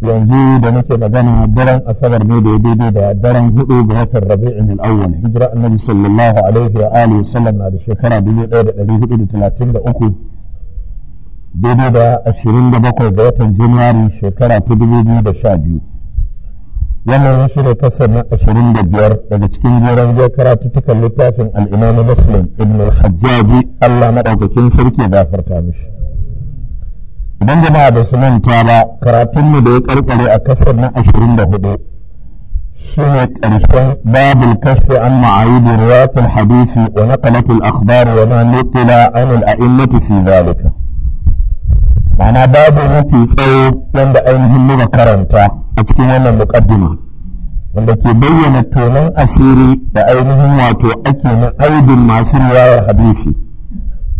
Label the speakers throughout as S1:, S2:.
S1: yanzu da nake magana daren asabar ne da ya daidai da daren hudu ga watan rabi'in al-awwal hijira annabi sallallahu alaihi wa alihi wasallam na da shekara 1433 daidai da 27 ga watan januari shekara ta 2012 wannan shi ne kasar na 25 daga cikin jeran jiya karatuttukan littafin al-imam muslim ibn al-hajjaji Allah madaukakin sarki ya gafarta mishi idan jama'a da su manta ba karatunmu da ya karkare a kasar na ashirin da hudu shi ne ƙarshen babul kasfi an ma'ayibi riwatul hadisi wa naqalatul akhbar wa ma nuqila an al-a'immati fi zalika ma'ana babu mafi tsawo wanda ainihin muka karanta a cikin wannan muqaddima wanda ke bayyana tonon asiri da ainihin wato ake na aibin masu riwayar hadisi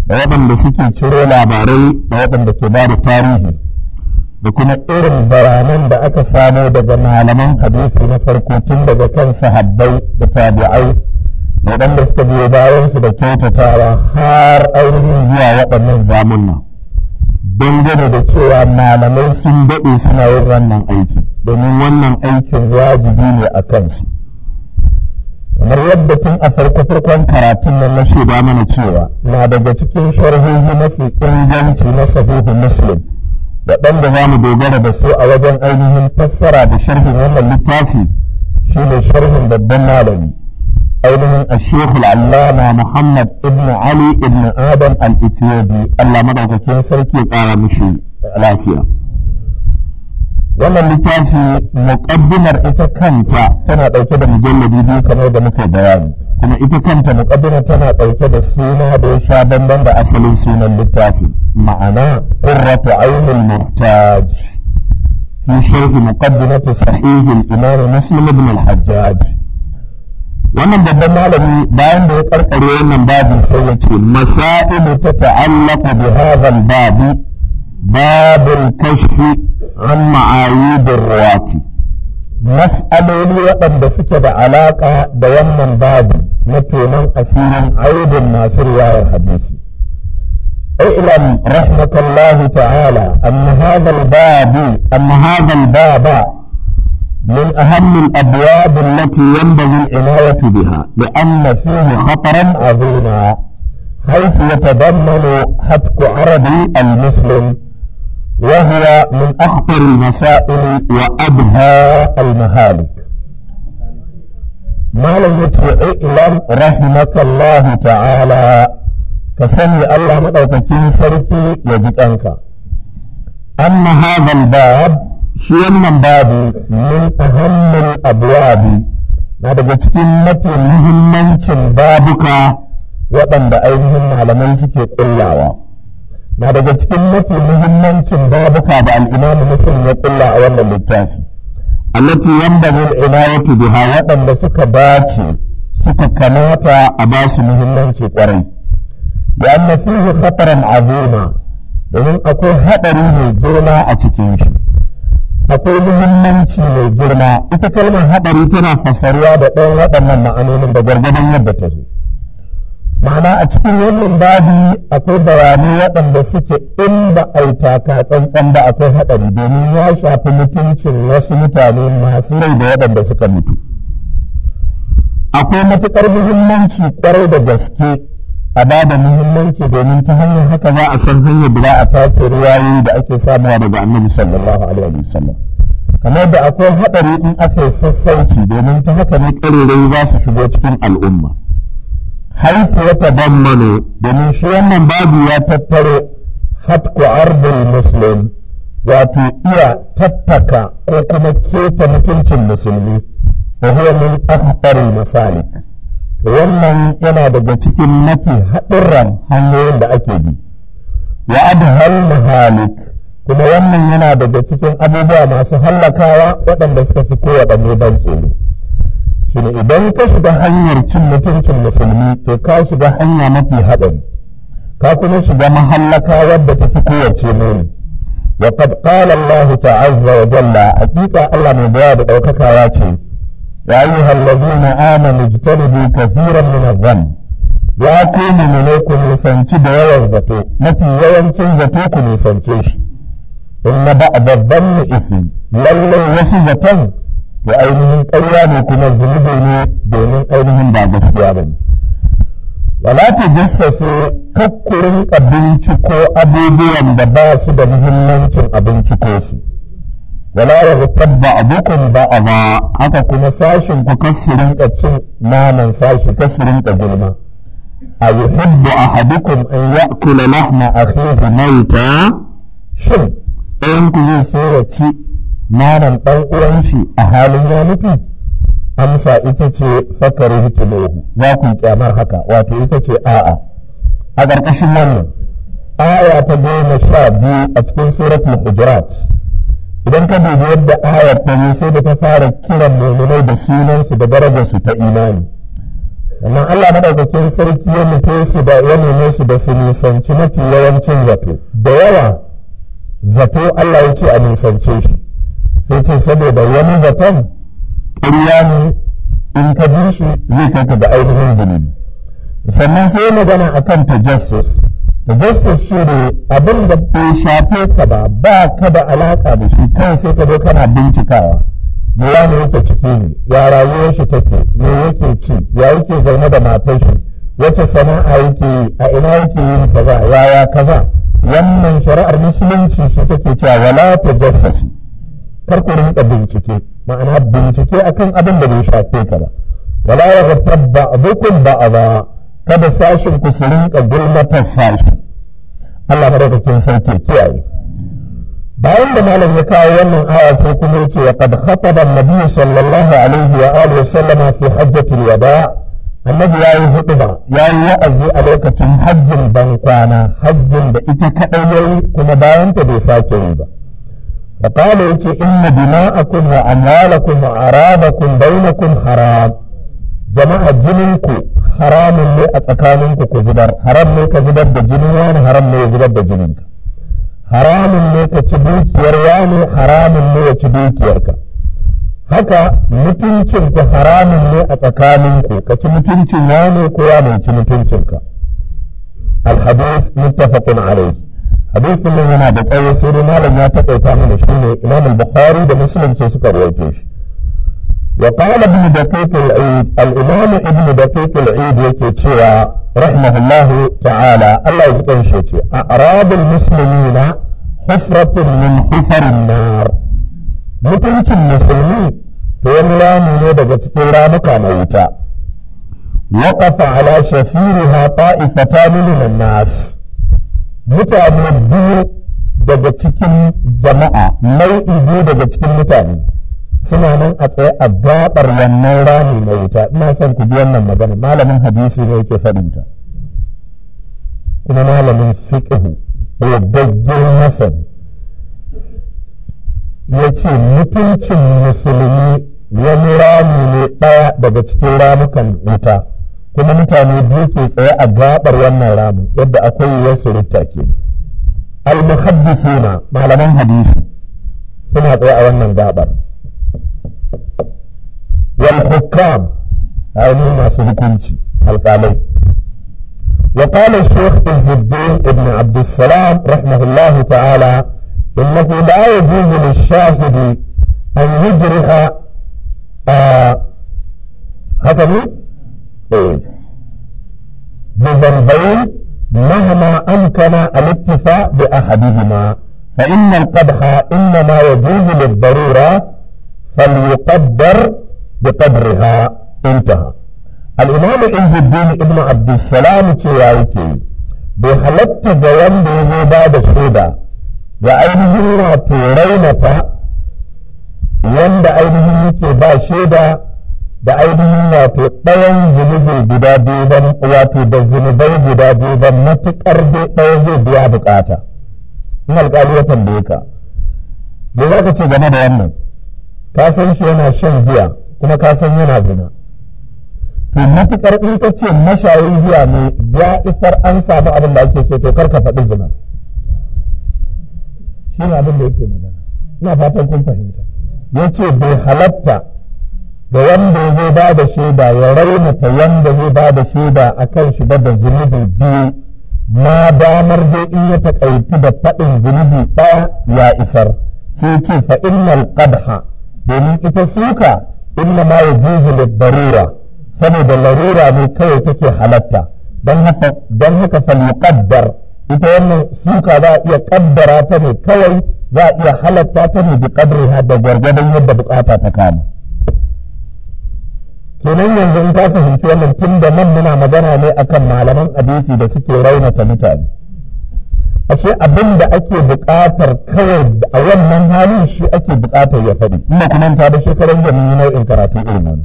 S1: da waɗanda suke ciro labarai da waɗanda ke ba da tarihi da kuma irin baranan da aka samo daga malaman hadisi na farko tun daga kan sahabbai da tabi'ai da waɗanda suka biyo bayansu da kyautatawa har ainihin zuwa waɗannan zamunna dangane da cewa malamai sun daɗe suna yin wannan aiki domin wannan aikin wajibi ne a kansu kamar yadda tun a farko-farkon karatun nan na shaida mana cewa na daga cikin sharhohi mafi inganci na sahihu muslim da ɗan da za mu dogara da su a wajen ainihin fassara da sharhin wannan littafi ne sharhin babban malami ainihin ashekul allama muhammad ibn ali ibn adam al-itiyobi allah madaukakin sarki ya ƙara mishi lafiya wannan littafi muƙaddimar ita kanta tana ɗauke da mujallabi biyu kamar da muka bayani kuma ita kanta muƙaddimar tana ɗauke da suna da ya sha bamban da asalin sunan littafi ma'ana qurratu ainul muhtaj fi sharh muqaddimati sahih al-imam muslim ibn al-hajjaj wannan babban malami bayan da ya karkare wannan babin sai ya ce masailu tata'allaqu bi hadha al-bab bab al-kashf عن معايب الرواتي مسألة لأن suke da alaƙa da wannan babu na عيد الناصر يا masu اعلم رحمة الله تعالى أن هذا الباب أن هذا الباب من أهم الأبواب التي ينبغي العناية بها لأن فيه خطرا عظيما حيث يتضمن هتك عربي المسلم وهو من أخطر المسائل وأبهى المهالك ما لم اعلم رحمك الله تعالى كسني الله مدوكتين سركي يجدنك أما هذا الباب شيء من باب من أهم الأبواب na daga cikin mafi muhimmancin babuka waɗanda ainihin malaman suke ƙullawa. na daga cikin mafi muhimmancin babuka da al'imamu muslim ya kulla a wannan littafi allati yanbaghi ina inayatu biha waɗanda suka dace suka kamata a ba su muhimmanci kwarai da anna fihi khataran azima domin akwai hadari mai girma a cikin shi akwai muhimmanci mai girma ita kalmar hadari tana fassariya da ɗan waɗannan ma'anonin da gargadon yadda ta zo ma'ana a cikin wannan babi akwai bayanai waɗanda suke in ba a tsantsan da akwai haɗari domin ya shafi mutuncin wasu mutane masu rai da waɗanda suka mutu akwai matuƙar muhimmanci ƙwarai da gaske a ba da muhimmanci domin ta hanyar haka za a san hanyar da za a tace ruwaye da ake samuwa daga annabi sallallahu alaihi sallam kamar da akwai haɗari in aka yi sassauci domin ta haka ne ƙarerai za su shigo cikin al'umma haifu ya tabammano domin shi wannan babu ya tattaro hatku ardul muslim wato iya tattaka ko kuma keta mutuncin musulmi da huwa min akhbaril masali wannan yana daga cikin mafi haɗurran hanyoyin da ake bi wa adhal mahalik kuma wannan yana daga cikin abubuwa masu hallakawa waɗanda suka fi kowaɗanne ban tsoro shine idan ka shiga hanyar cin mutuncin musulmi to ka shiga hanya mafi haɗari ka kuma shiga mahallaka wadda ta fi kowace muni wa qad qala Allah ta'azza wa jalla haqiqa Allah mai bayar da daukaka ya ce ya ayyuha allazina amanu ijtanibu kathiran min adh-dhann ya ku mu'minu ku nisanci da yawan zato mafi yawancin zato ku nisance shi inna ba'da dhanni ism lallai wasu zaton da ainihin ƙarya ne kuma zunubi ne domin ainihin ba gaskiya ba ne wala ta su kakkurin abinci ko abubuwan da ba su da muhimmancin abinci ko su wala ya zubar ba abokan ba a ba haka kuma sashen ku kasirin ka cin naman sashi kasirin ka gulma a yi hubbu a hadukun in ya kula lahma a kai shin ɗayan ku zai so ya ci maran ɗan uwanshi a halin zalunci amsa ita ce fakari hikimahu za ku kyamar haka wato ita ce a'a a ƙarƙashin wannan aya ta goma sha biyu a cikin suratul hujurat idan ka dubi yadda ayar ta sai da ta fara kiran muminai da sunansu da darajarsu ta imani sannan Allah madaukakin sarki ya nufe su da ya nemi su da su nisanci mafi yawancin zato da yawa zato Allah ya ce a nisance shi sai ce saboda wani zaton ƙarya ne in ka ji shi zai kai ka ga ainihin zunubi sannan sai magana akan ta jesus shi ne abin da bai shafe ka ba ba ka da alaƙa da shi kan sai ka zo kana bincikawa me ya ne yake ciki ne ya rayuwar shi take me yake ci ya yake zaune da matar shi wace sana'a yake yi a ina yake yin kaza yaya kaza wannan shari'ar musulunci shi take cewa wala tajassasu kar ku rinka bincike ma'ana bincike akan abin da bai shafe ka ba wala ya ba a ba. kada sashin ku su rinka gulmatar sashi Allah madaukakin sarki kiyaye bayan da malam ya kawo wannan aya sai kuma yace wa qad khataba an-nabiy sallallahu alaihi wa alihi wasallam fi hajjatil wada annabi yayi hutuba yayi wa'azi a lokacin hajjin bankwana hajjin da ita kadai yayi kuma bayan ta bai sake yi ba فقال يتي إن دماءكم وأموالكم وعرابكم بينكم حرام جماعة جننكو حرام اللي أتكالنكو كزبر حرام ليك زبر بجنوان حرام ليك زبر بجننك حرام ليك تبوك يرواني حرام ليك تبوك يركا هكا متنشنك حرام اللي أتكالنكو tsakaninku ka ci mutuncin wani ko ya mai حديث اللي هنا بتقوي سيري ما لم يعتقد تعمل شنو الامام البخاري ده مسلم سوسك الرويتيش وقال ابن دقيق العيد الامام ابن دقيق العيد يكتشيرا رحمه الله تعالى الله يزقه شيتي اعراض المسلمين حفرة من حفر النار متلت المسلمين فين لا من يدك تقول رابك وقف على شفيرها طائفتان من الناس mutane biyu daga cikin jama'a nau'i biyu daga cikin mutane suna nan a tsaye a gabar wannan rami na wuta ina son ku ji wannan magana malamin hadisi ne yake faɗin ta kuma malamin fiqhu gaggen masan ya ce mutuncin musulmi wani rami ne ɗaya daga cikin ramukan wuta kuma mutane biyu ke tsaye a gabar wannan ramu yadda akwai wasu rutta ke al-muhaddisuna malaman hadisi suna tsaye a wannan gabar wal hukam ainihin masu hukunci alƙalai wa الشيخ عز الدين ابن عبد السلام رحمه الله تعالى انه لا يجوز للشاهد ان يجرح آه هكذا طيب. ايه بذنبين مهما امكن الاكتفاء باحدهما فان القدح انما يجوز للضروره فليقدر بقدرها انتهى الامام عز الدين ابن عبد السلام تيايكي بحلت جوانبه بعد شهوده da راتي wato raunata wanda ainihin da ainihin wato ɗayan zunubin guda biyu ban wato da zunubai guda biyu ban matuƙar dai ɗayan zai biya buƙata in alƙali ya tambaye ka me za ka ce game da wannan ka san shi yana shan giya kuma ka san yana zina to matuƙar in ka ce mashayin giya ne ya isar an samu abin da ake so to kar ka faɗi zina shi ne abin da yake magana ina fatan kun fahimta ya ce bai halatta da wanda zai ba da shaida ya raunata wanda zai ba da shaida a kan shi da zunubi biyu ma damar dai in ya taƙaiti da faɗin zunubi ɗaya ya isar sai ce fa innal qadha domin ita suka inna ma yajuzu lid darura saboda larura ne kawai take halatta don haka don haka fal yuqaddar ita wannan suka za a iya kaddara ta ne kawai za a iya halatta ta ne bi qadriha da gwargwadon yadda bukata ta kama kenan yanzu in ka fahimci wannan tun da nan muna magana ne akan malaman hadisi da suke raunata mutane ashe abin da ake buƙatar kawai a wannan halin shi ake buƙatar ya faɗi ina kuma ta da shekaran da nau'in karatu ilimin.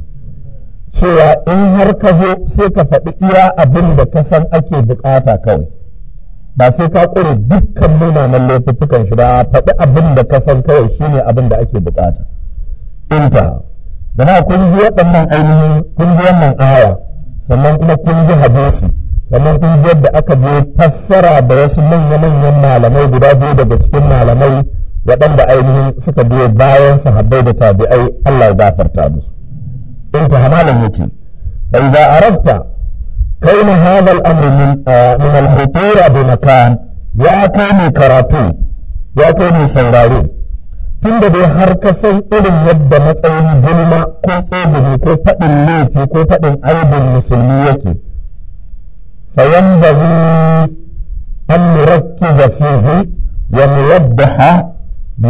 S1: cewa in har ka zo sai ka faɗi iya abin da ka san ake buƙata kawai ba sai ka ƙure dukkan munanan laifukan shi ba faɗi abin da ka san kawai shine abin da ake buƙata inta da na kun ji waɗannan ainihin kun ji wannan aya sannan kuma kun ji hadisi sannan kun ji yadda aka je fassara da wasu manya-manyan malamai guda biyu daga cikin malamai waɗanda ainihin suka biyo bayan sahabbai da tabi'ai Allah ya gafarta musu in ta hamalan yace fa kai arafta كون هذا الأمر من آه makan ya kai ni karatu ya kai ne sauraro tun da dai har ka san irin yadda matsayin gulma ko tsegumi ko faɗin laifi ko faɗin aibin musulmi yake fayan da an murakki da fihi ya ha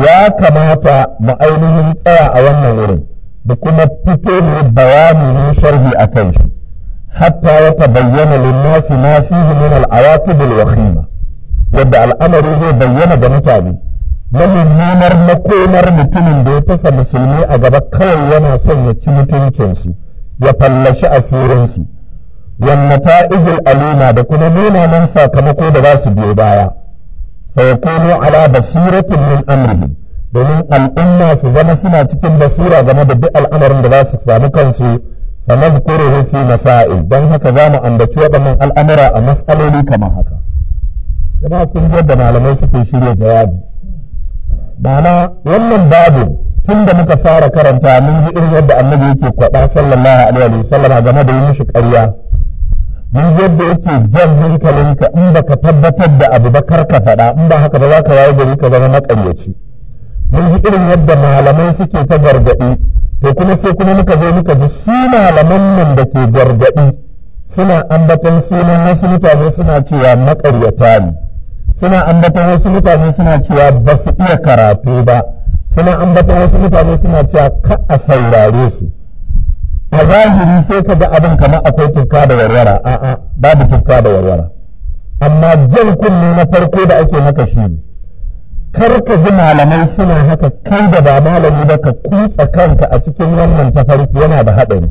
S1: ya kamata mu ainihin tsaya a wannan wurin da kuma fito ne bayani ne sharhi a kan shi hatta ya bayyana linnasi ma fihi min al al-wakhima yadda al'amari zai bayyana ga mutane na makomar mutumin da ya tasa musulmi a gaba kawai yana son ya ci mutuncinsu ya fallashi asirinsu wanne ta izil alima da kuma nuna sakamako da za su biyo baya fayakunu ala basiratin min amrihi domin al'umma su zama suna cikin basira game da duk al'amarin da za su samu kansu sanar kuruhu fi masa'il don haka za mu ambaci waɗannan al'amura a matsaloli kamar haka. Jama'a kun da malamai suke shirya jawabi. ma'ana wannan babu tun da muka fara karanta mun ji irin yadda annabi yake kwaɗa sallallahu alaihi wa sallam game da yi mishi ƙarya mun yadda yake jan hankalinka in ba ka tabbatar da abu ba kar ka faɗa in ba haka ba za ka waye gari ka zama maƙaryaci mun ji irin yadda malamai suke ta gargaɗi to kuma sai kuma muka zo muka ji su malaman nan da ke gargaɗi suna ambaton sunan wasu mutane suna cewa maƙaryata ne suna ambata wasu mutane suna cewa ba su iya karatu ba suna ambatar wasu mutane suna cewa ka a saurare su a zahiri sai ka ga abin kamar akwai tukka da warwara a'a babu tukka da warwara amma jan kunne na farko da ake haka shi ne kar ka ji malamai suna haka kai da ba malami ba ka kutsa kanka a cikin wannan tafarki yana da haɗari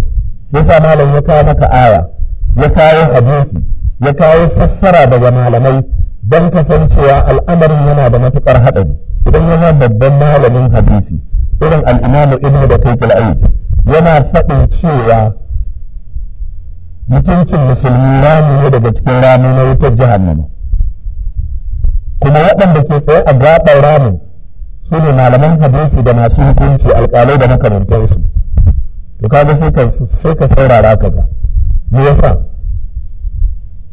S1: yasa malam ya kawo maka aya ya kawo hadisi ya kawo fassara daga malamai don kasancewa al'amarin yana da matuƙar haɗari idan yana babban malamin hadisi irin al'imamu ibnu da kai yana faɗin cewa mutuncin musulmi rami ne daga cikin rami na wutar jahannama kuma waɗanda ke tsaye a gaɓar rami su ne malaman hadisi da masu hukunci alƙalai da makarantarsu to kaga sai ka saurara ka ga me yasa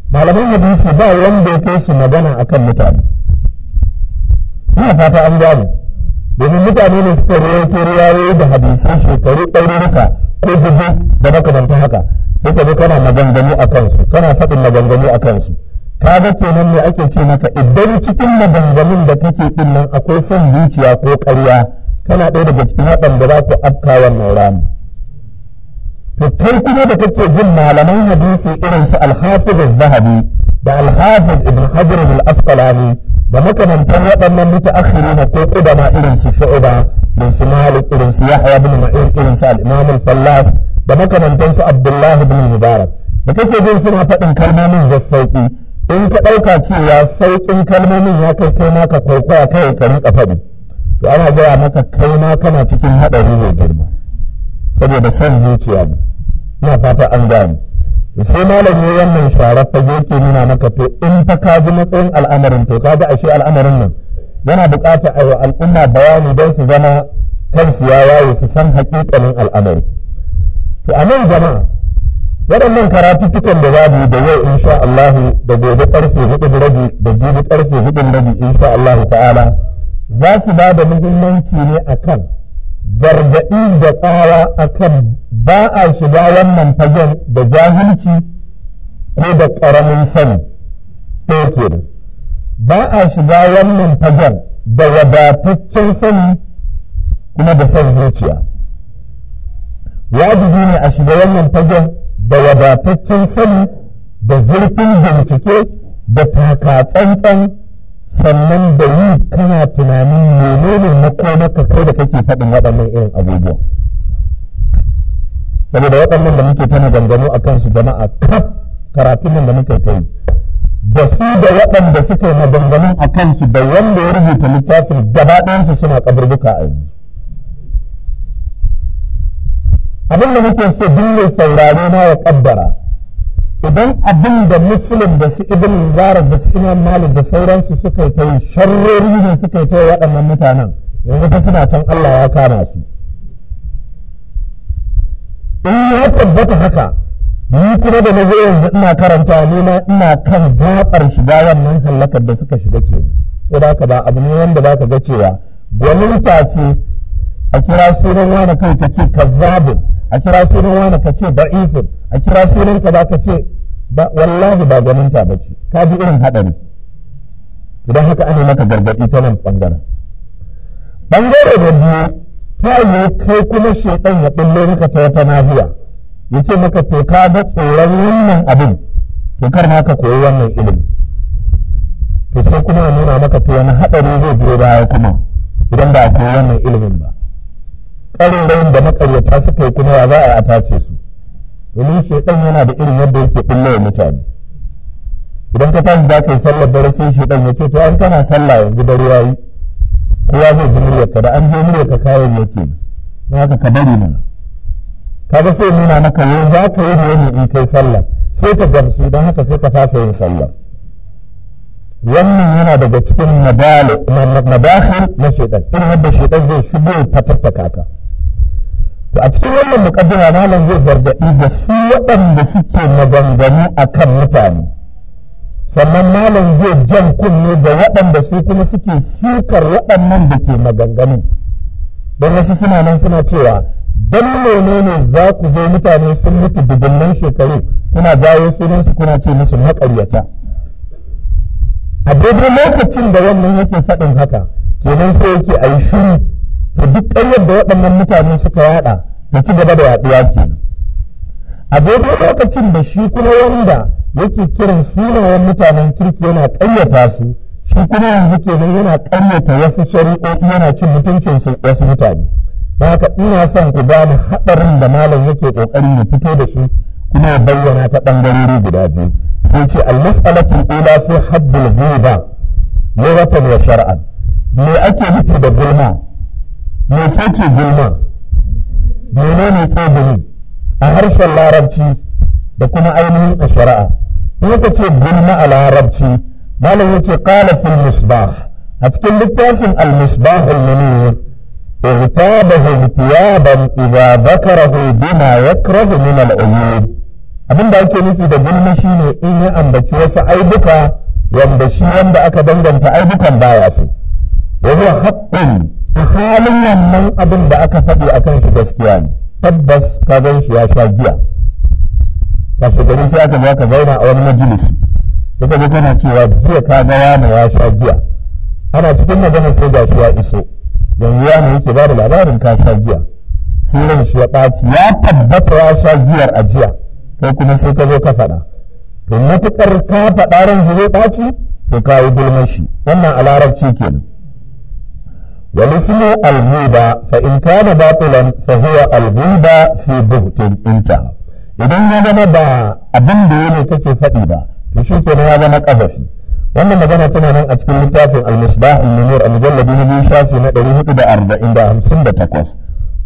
S1: malaman hadisi ba wanda ya kai su magana akan mutane ina fata an gane domin mutane ne suka rawaito riwayoyi da hadisai shekaru haka ko dubu da makamanta haka sai ka zo kana maganganu a kansu kana faɗin maganganu a kansu ka ga kenan ne ake ce maka idan cikin maganganun da kake ɗin nan akwai son zuciya ko ƙarya kana ɗaya daga cikin da za ku afka wannan rana to kai kuma da kake jin malaman hadisi irin su al-hafiz az-zahabi da al-hafiz ibn hajar al-asqalani da makamantan waɗannan mutaakhirina ko kudama irin su shu'ba irin su malik irin su yahya ibn ma'in irin su al-imam al-fallas da makamantan su abdullah ibn mubarak da kake jin suna faɗin kalmomin zassauki in ka ɗauka cewa sauƙin kalmomin ya kai kai ma ka kwaikwaya kai ka rika faɗi to ana gaya maka kai ma kana cikin haɗari mai girma saboda son zuciya ne na fata an gane sai malami ya wannan shara fage yake nuna maka to in fa ka ji matsayin al'amarin to ka ga ashe al'amarin nan yana buƙatar a al'umma bayani don su zama kansu ya waye su san haƙiƙanin al'amari to a nan jama'a waɗannan karatuttukan da za mu yi da yau insha Allah da gobe ƙarfe hudu rabi da jibi ƙarfe hudu da rabi insha Allah ta'ala za su ba da muhimmanci ne akan gargaɗi da tsawa akan ba a shiga wannan fagen da jahilci ko da ƙaramin sani ɗaya ba a shiga wannan fagen da wadataccen sani kuma da san zuciya wajibi ne a shiga wannan fagen da wadataccen sani da zurfin bincike da taka tsantsan. sannan da yi kana tunanin menene makomaka kai da kake faɗin waɗannan irin abubuwa saboda waɗannan da muke tana gangano a kansu jama'a kaf karatun nan da muke ta yi da su da waɗanda suka yi maganganun a kansu da wanda ya rubuta littafin gaba ɗayansu suna kaburbuka a yanzu abin da muke so duk mai saurare na ya ƙaddara idan abin da musulun da su ibn zara da su imam malik da sauransu suka yi ta yi sharrori ne suka yi ta yi waɗannan mutanen yanzu ta suna can Allah ya kama su in ya tabbata haka ni kuma da nazo yanzu ina karanta nuna ina kan gabar shiga wannan kallakar da suka shiga ke sai ka ba abu ne wanda ka ga cewa gwaninta a kira sunan wani kai ka ce kazzabin a kira sunan wani ka ce a kira sunan ka ba ka ce wallahi ba gwaninta ba ce ka bi irin haɗari idan haka ana maka gargaɗi ta nan ɓangaren ɓangare da biyu ta yi kai kuma shekan ya ɓullo maka ta wata nahiya ya ce maka to ka ga tsoron wannan abin to kar ma ka koyi wannan ilimi to sai kuma a nuna maka to wani haɗari zai biyo baya kuma idan ba a koyi wannan ilimin ba ƙarerayin da makaryata suka yi kuma za a atace su domin shekaru yana da irin yadda yake ɓullo wa mutane idan ka tashi za ka yi sallar dare sai shaidan ya ce to an kana sallah yanzu dare ya yi kowa zai ji muryarka da an je muryarka kayan yake ke. haka ka bari mana kaga sai nuna na yau za ka yi ne in kai sallah sai ka gamsu don haka sai ka fasa yin sallah wannan yana daga cikin madakhil na shaitan in yadda shaitan zai shigo ta tattaka ka to a cikin wannan na malam zai gargaɗi da su waɗanda suke maganganu a kan mutane sannan malam zai jan kunne da waɗanda su kuma suke sukar waɗannan da ke maganganu don wasu suna nan suna cewa don ne za ku zo mutane sun mutu dubunnan shekaru kuna jawo sunansu kuna ce musu maƙaryata a daidai lokacin da wannan yake faɗin haka kenan sai yake a yi shiru to duk ƙaryar da waɗannan mutane suka yaɗa ta ci gaba da yaɗuwa kenan a daidai lokacin da shi kuma wanda yake kiran sunayen mutanen kirki yana ƙayyata su shi kuma yanzu kenan yana ƙayyata wasu shari'o'i yana cin mutuncin wasu mutane don haka ina son ku bani haɗarin da malam yake ƙoƙari ya fito da shi kuma ya bayyana ta ɓangarori guda biyu sai ce al-mas'alatu al-ula fi haddul ghiba lugatan wa shar'an me ake nufi da gulma mai ce gulma mene ne tsibiri a harshen larabci da kuma ainihin a shari'a in ka ce gulma a larabci malam yace qala fil misbah a cikin littafin al misbah al munir اغتابه اغتيابا اذا ذكره بما يكره من العيوب abin da ake nufi da gulma shine in ya ambaci wasu aibuka wanda shi wanda aka danganta aibukan baya su wa huwa haqqun a halin wannan abin da aka faɗi a kan shi gaskiya ne tabbas ka gan shi ya sha giya kashe gari sai aka zaka zauna a wani majalisi sai ka kana cewa jiya ka ga yana ya sha giya ana cikin magana sai ga shi ya iso yanzu yana yake bada da labarin ka sha giya sai ran shi ya ɓaci ya tabbata ya sha giyar a jiya kai kuma sai ka zo ka faɗa to matuƙar ka faɗa ran shi zai ɓaci to ka yi gulmar wannan a larabci kenan ومثل الغيبة فإن كان باطلا فهو الغيبة في بغت انتهى إذن ما جمع با أبن دين كتي فإذا تشوف أن هذا ما قذف وأن ما جمع تنا من أتكل لتاف المصباح المنور المجلد نبي شاسي ندريه إذا أرضى إندهم سندة تكوس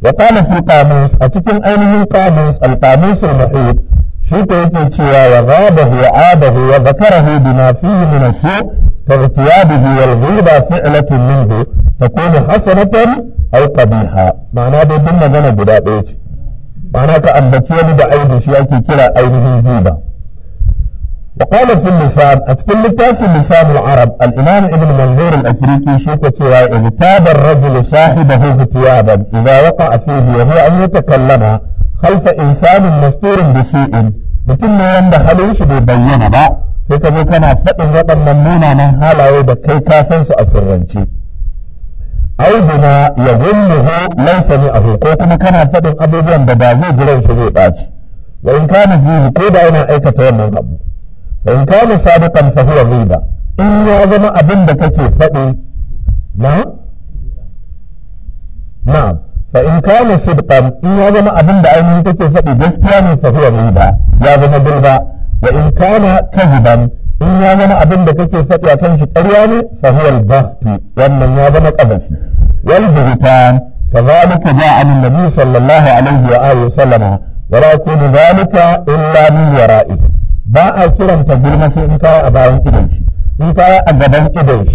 S1: وقال في القاموس أتكل أين القاموس القاموس المحيط شكو تشيا وغابه وعابه وذكره بما فيه من السوء كاغتيابه والغيبة فعلة منه takunu hasanatan aw qabiha ma'ana dai duk magana guda ɗaya ce ma'ana ka ambaci wani da aibin shi ake kira ainihin giba وقال في اللسان أتكلم في لسان العرب الإمام ابن منظور الأفريقي شوكة da تاب الرجل صاحبه ثيابا إذا وقع فيه وهو أن يتكلم خلف إنسان مستور بسوء mutum ne wanda halin shi bai bayyana ba sai ka zo kana faɗin waɗannan munanan halaye da kai ka san su a sirrance aibuna ya gulluhu lai sami'ahu ko kuma kana faɗin abubuwan da ba zai ji ranshi zai ɓaci wa in kana zihi ko da yana aikata wannan abu wa in kana sadiqan fa huwa ghiba in ya zama abin da kake faɗi na na fa in kana sidqan in ya zama abin da ainihin kake faɗi gaskiya ne fa huwa ghiba ya zama gulba wa in kana kaziban in ya zama abin da kake faɗi a kan shi ƙarya ne fa huwa al wannan ya zama ƙazafi والبهتان كذلك جاء عن النبي صلى الله عليه وآله وسلم ولا يكون ذلك إلا من ورائه باء كرم تقول مسي إنك أباين إدنش إنك أباين إدنش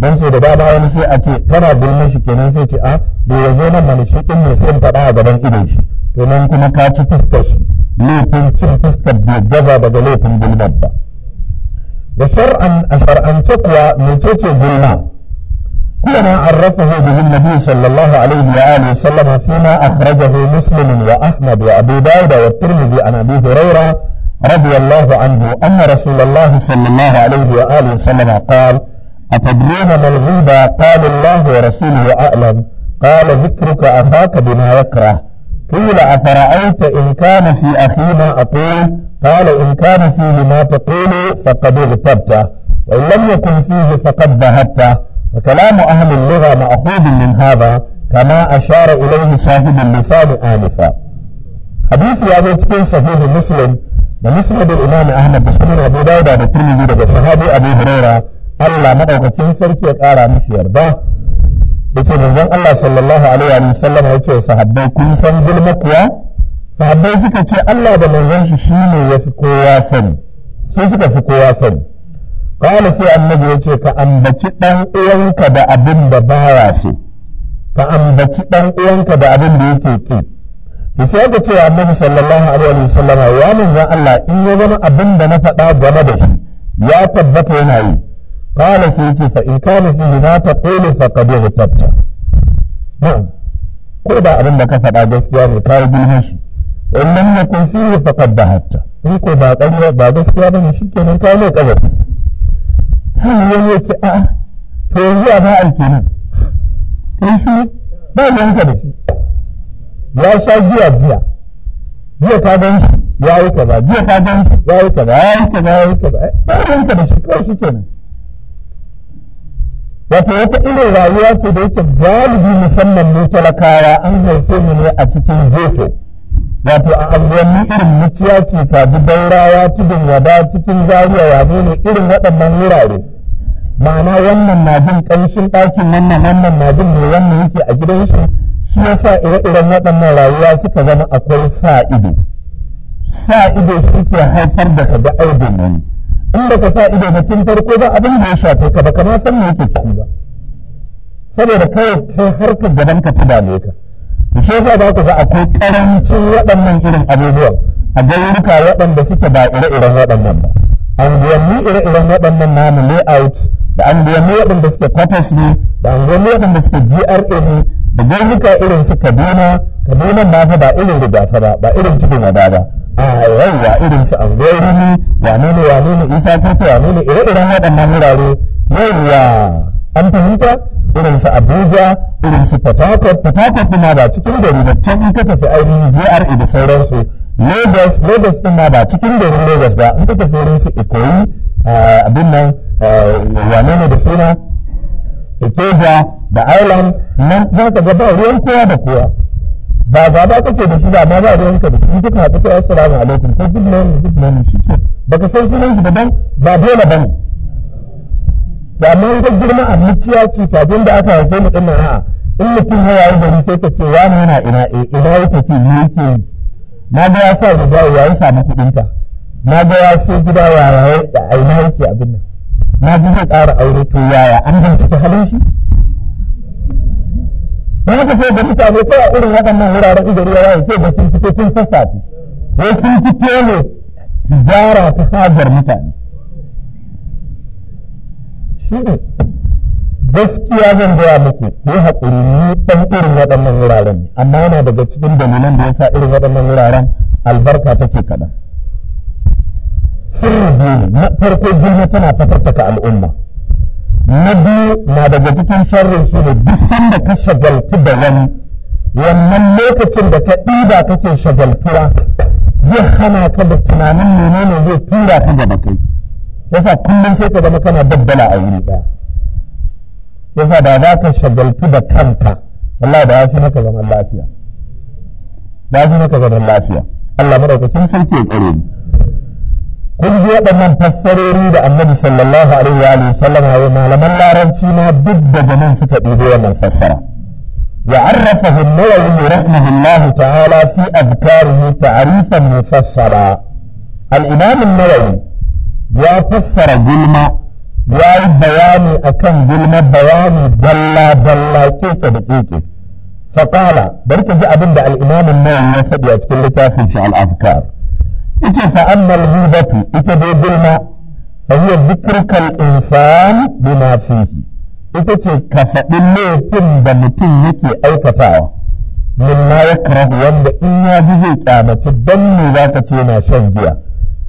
S1: dan sau da dama wani sai a ce tana gulmin shi kenan sai ce a ah, da ya zo nan mana shi din ne sai faɗa a gaban idon shi to nan kuma ka ci fuskar shi laifin cin fuskar bai gaza daga laifin gulmar ba da shar'an a shar'ance kuwa mecece gulma لما عرفه به النبي صلى الله عليه وآله وسلم فيما أخرجه مسلم وأحمد وأبو داود والترمذي عن أبي هريرة رضي الله عنه أن رسول الله صلى الله عليه وآله وسلم قال أتدرون ما الغيبة قال الله ورسوله أعلم قال ذكرك أخاك بما يكره قيل أفرأيت إن كان في أخي ما أقول قال إن كان فيه ما تقول فقد اغتبته وإن لم يكن فيه فقد ذهبته وكلام أهل اللغة مأخوذ من هذا كما أشار إليه شاهد اللسان آنفا حديث أبي تكون صحيح مسلم ومسلم بالإمام أحمد بشمير أبو داود أبو ترمذي بصحابي أبي هريرة الله ما أبو تكون سركي أكارا مشير با بسم الله الله صلى الله عليه وسلم يقول صحابي كل سن ظلمك يا صحابي سكتي الله بمنزل شيني يفكوا واسن سوسك فكوا واسن سو Kala sai annabi ya ce ka ambaci ɗan uwanka da abin da baya shi ka ambaci ɗan uwanka da abin da yake ƙi. Da sai ka aka cewa annabi sallallahu alaihi wa sallam ya manzan Allah in ya zama abin da na faɗa game da shi ya tabbata yana yi. Kala sai ce fa in sun fi na ta ƙole fa ka zo tabta. Ko da abin da ka faɗa gaskiya ne ka yi gulmar shi. In lam yakun fihi da dahatta. In ko ba ƙarya ba gaskiya bane shikenan ka mai ƙazafi. wani ya ce a to yanzu a ba'ar kenan kai shi ba yanka da shi ya sha jiya jiya jiya ta gan shi ya yi kaza jiya ta gan shi ya yi kaza ya yi kaza ya yi kaza ba yanka da shi kawai shi kenan wato wata irin rayuwa ce da yake galibi musamman mu talakawa an haife mu ne a cikin zoto. wato a abuwanni irin muciya ce ta kaji daurawa tudun wada cikin zariya ya ne irin waɗannan wurare ma'ana wannan na jin ƙamshin ɗakin nan na wannan na jin mai wannan yake a gidan shi shi sa ire-iren waɗannan rayuwa suka zama akwai sa ido sa ido shi ke haifar da ka ga aibin wani in ba ka sa ido na tun farko ba abin da ya shafe ka ba ka na san me yake ciki ba saboda kawai kai harkar gaban ka ta dame ka shi yasa za ku ga akwai karancin waɗannan irin abubuwan a garuruka waɗanda suke ba ire-iren waɗannan ba anguwanni ire-iren waɗannan namu layout da anguwanni waɗanda suke quarters ne da anguwanni waɗanda suke GRA ne da garuruka irin su Kaduna Kaduna na fa ba irin rigasa ba ba irin cikin wadada a yawwa irin su anguwanni ne wane ne wane ne isa ko wane ne ire-iren waɗannan wurare yawwa an fahimta irin su Abuja irin su patakot Harcourt Port ba cikin gari da can in ka tafi ainihin GRA da sauransu Lagos Lagos din ma ba cikin gari Lagos ba in ka tafi wurin su Ikoyi eh, abin nan eh, wane ne da suna ikoja da Island nan za ka gaba ruwan kowa da kowa ba gaba kake da shi ba ma ba ruwan ka da shi duk na tafi assalamu alaikum ko good morning good morning shi ke baka san sunan shi ba dan ba dole bane da amma ga girma a muciya ce abin da aka haife mu din a'a in mutum ya yi gari sai ka ce na yana ina eh ina ya tafi ne yake na ga ya sa da ya yi samu kuɗin ta na ga ya sai gida ya raye da aina yake abin nan na ji zai ƙara aure to yaya an ta halin shi don haka sai da mutane ko a irin waɗannan wuraren ido ya yi sai da sun fito sun sassafe ko sun fito ne tijara ta hajar mutane gaskiya zan gaya muku ko haƙuri ni ɗan irin waɗannan wuraren amma yana daga cikin dalilan da ya sa irin waɗannan wuraren albarka take kaɗan sirri biyu na farko girma tana fatattaka al'umma na biyu na daga cikin sharrin su ne duk sanda ka shagaltu da wani wannan lokacin da ka ɗiba kake shagaltuwa zai hana ka da tunanin menene zai tura ka gaba kai yasa kullum sai ka zama kana daddala a wuri ɗaya yasa da za ka shagaltu da kanka Allah da ya fi maka zaman lafiya da ya fi maka zaman lafiya Allah madaukakin sarki ya tsare ni kun ji waɗannan fassarori da annabi sallallahu alaihi wa alihi sallam ya yi malaman larabci ma duk da nan suka ɗibo wannan fassara وعرفه النووي رحمه الله تعالى في أذكاره تعريفا مفصلا الإمام النووي ya fassara gulma ya yi bayani a kan gulma bayani dalla dalla keke da keke faƙala bari ka ji abin da al'imamin nan ya faɗi a cikin littafin shi al'afkar ita fa annal ghibatu ita dai gulma fa hiya dhikrukal insan bima fihi ita ce ka faɗi laifin da mutum yake aikatawa min ma yakrahu wanda in ya ji zai kyamaci dan me za ka ce na shan giya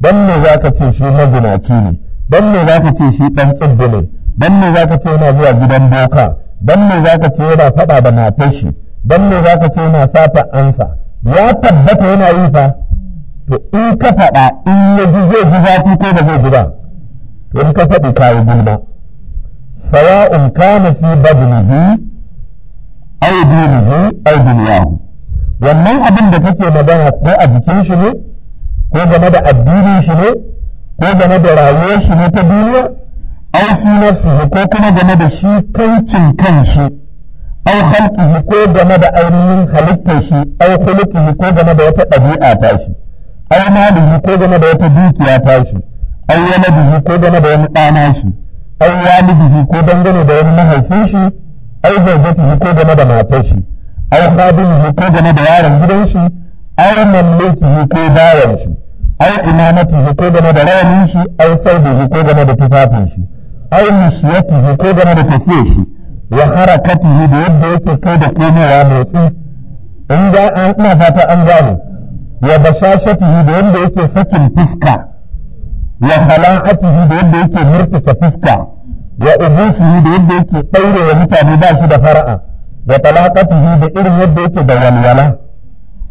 S1: dan me za ka ce shi mazinaci ne dan me za ka ce shi ɗan tsibbi ne dan me za ka ce yana zuwa gidan doka dan me za ka ce yana faɗa da matar shi dan me za ka ce yana sata ansa ya tabbata yana yi fa to in ka faɗa in ya ji zai ji zafi ko ba zai ji ba to in ka faɗi ka yi gulma sawa'un kana fi badnihi aw dinihi aw dunyahu wannan abin da kake magana ko a jikin shi ne ko game da addinin shi ne ko game da rayuwar shi ne ta duniya au fi nafsihi ko kuma game da shi kancin kanshi au halkihi ko game da ainihin halittar shi au hulkihi ko game da wata ɗabi'a ta shi au malihi ko game da wata dukiya ta shi au waladihi ko game da wani ɗana shi au walidihi ko dangane da wani mahaifin shi au zaujatihi ko game da matar shi au khadimihi ko game da yaron gidan shi au mamlikihi ko bayan shi ai imamatihi ko game da rawanin shi ai saudihi ko game da tufafin shi ai mishiyatihi ko game da tafiyar shi wa harakatihi da yadda yake kai da komowa motsi in ga an ina fata an gano ya wa bashashatihi da yadda yake sakin fuska wa hala'atihi da yadda yake murtuka fuska wa ubusihi da yadda yake ɗaure wa mutane ba shi da fara'a ya wa talaqatihi da irin yadda yake da walwala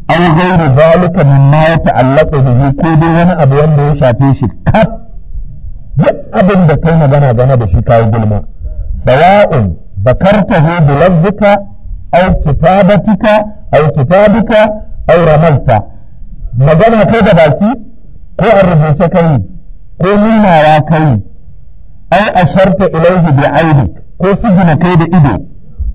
S1: aw ghayru zalika ya yata'allaqu bihi ko dai wani abu wanda ya shafe shi kat. duk abin da kai magana gane da shi kawo gulma sawa'un bakartahu bi lafzika aw kitabatika aw kitabika aw ramalta magana kai da baki ko a rubuce kai ko ya kai ai asharta ilaihi bi aibik ko sigina kai da ido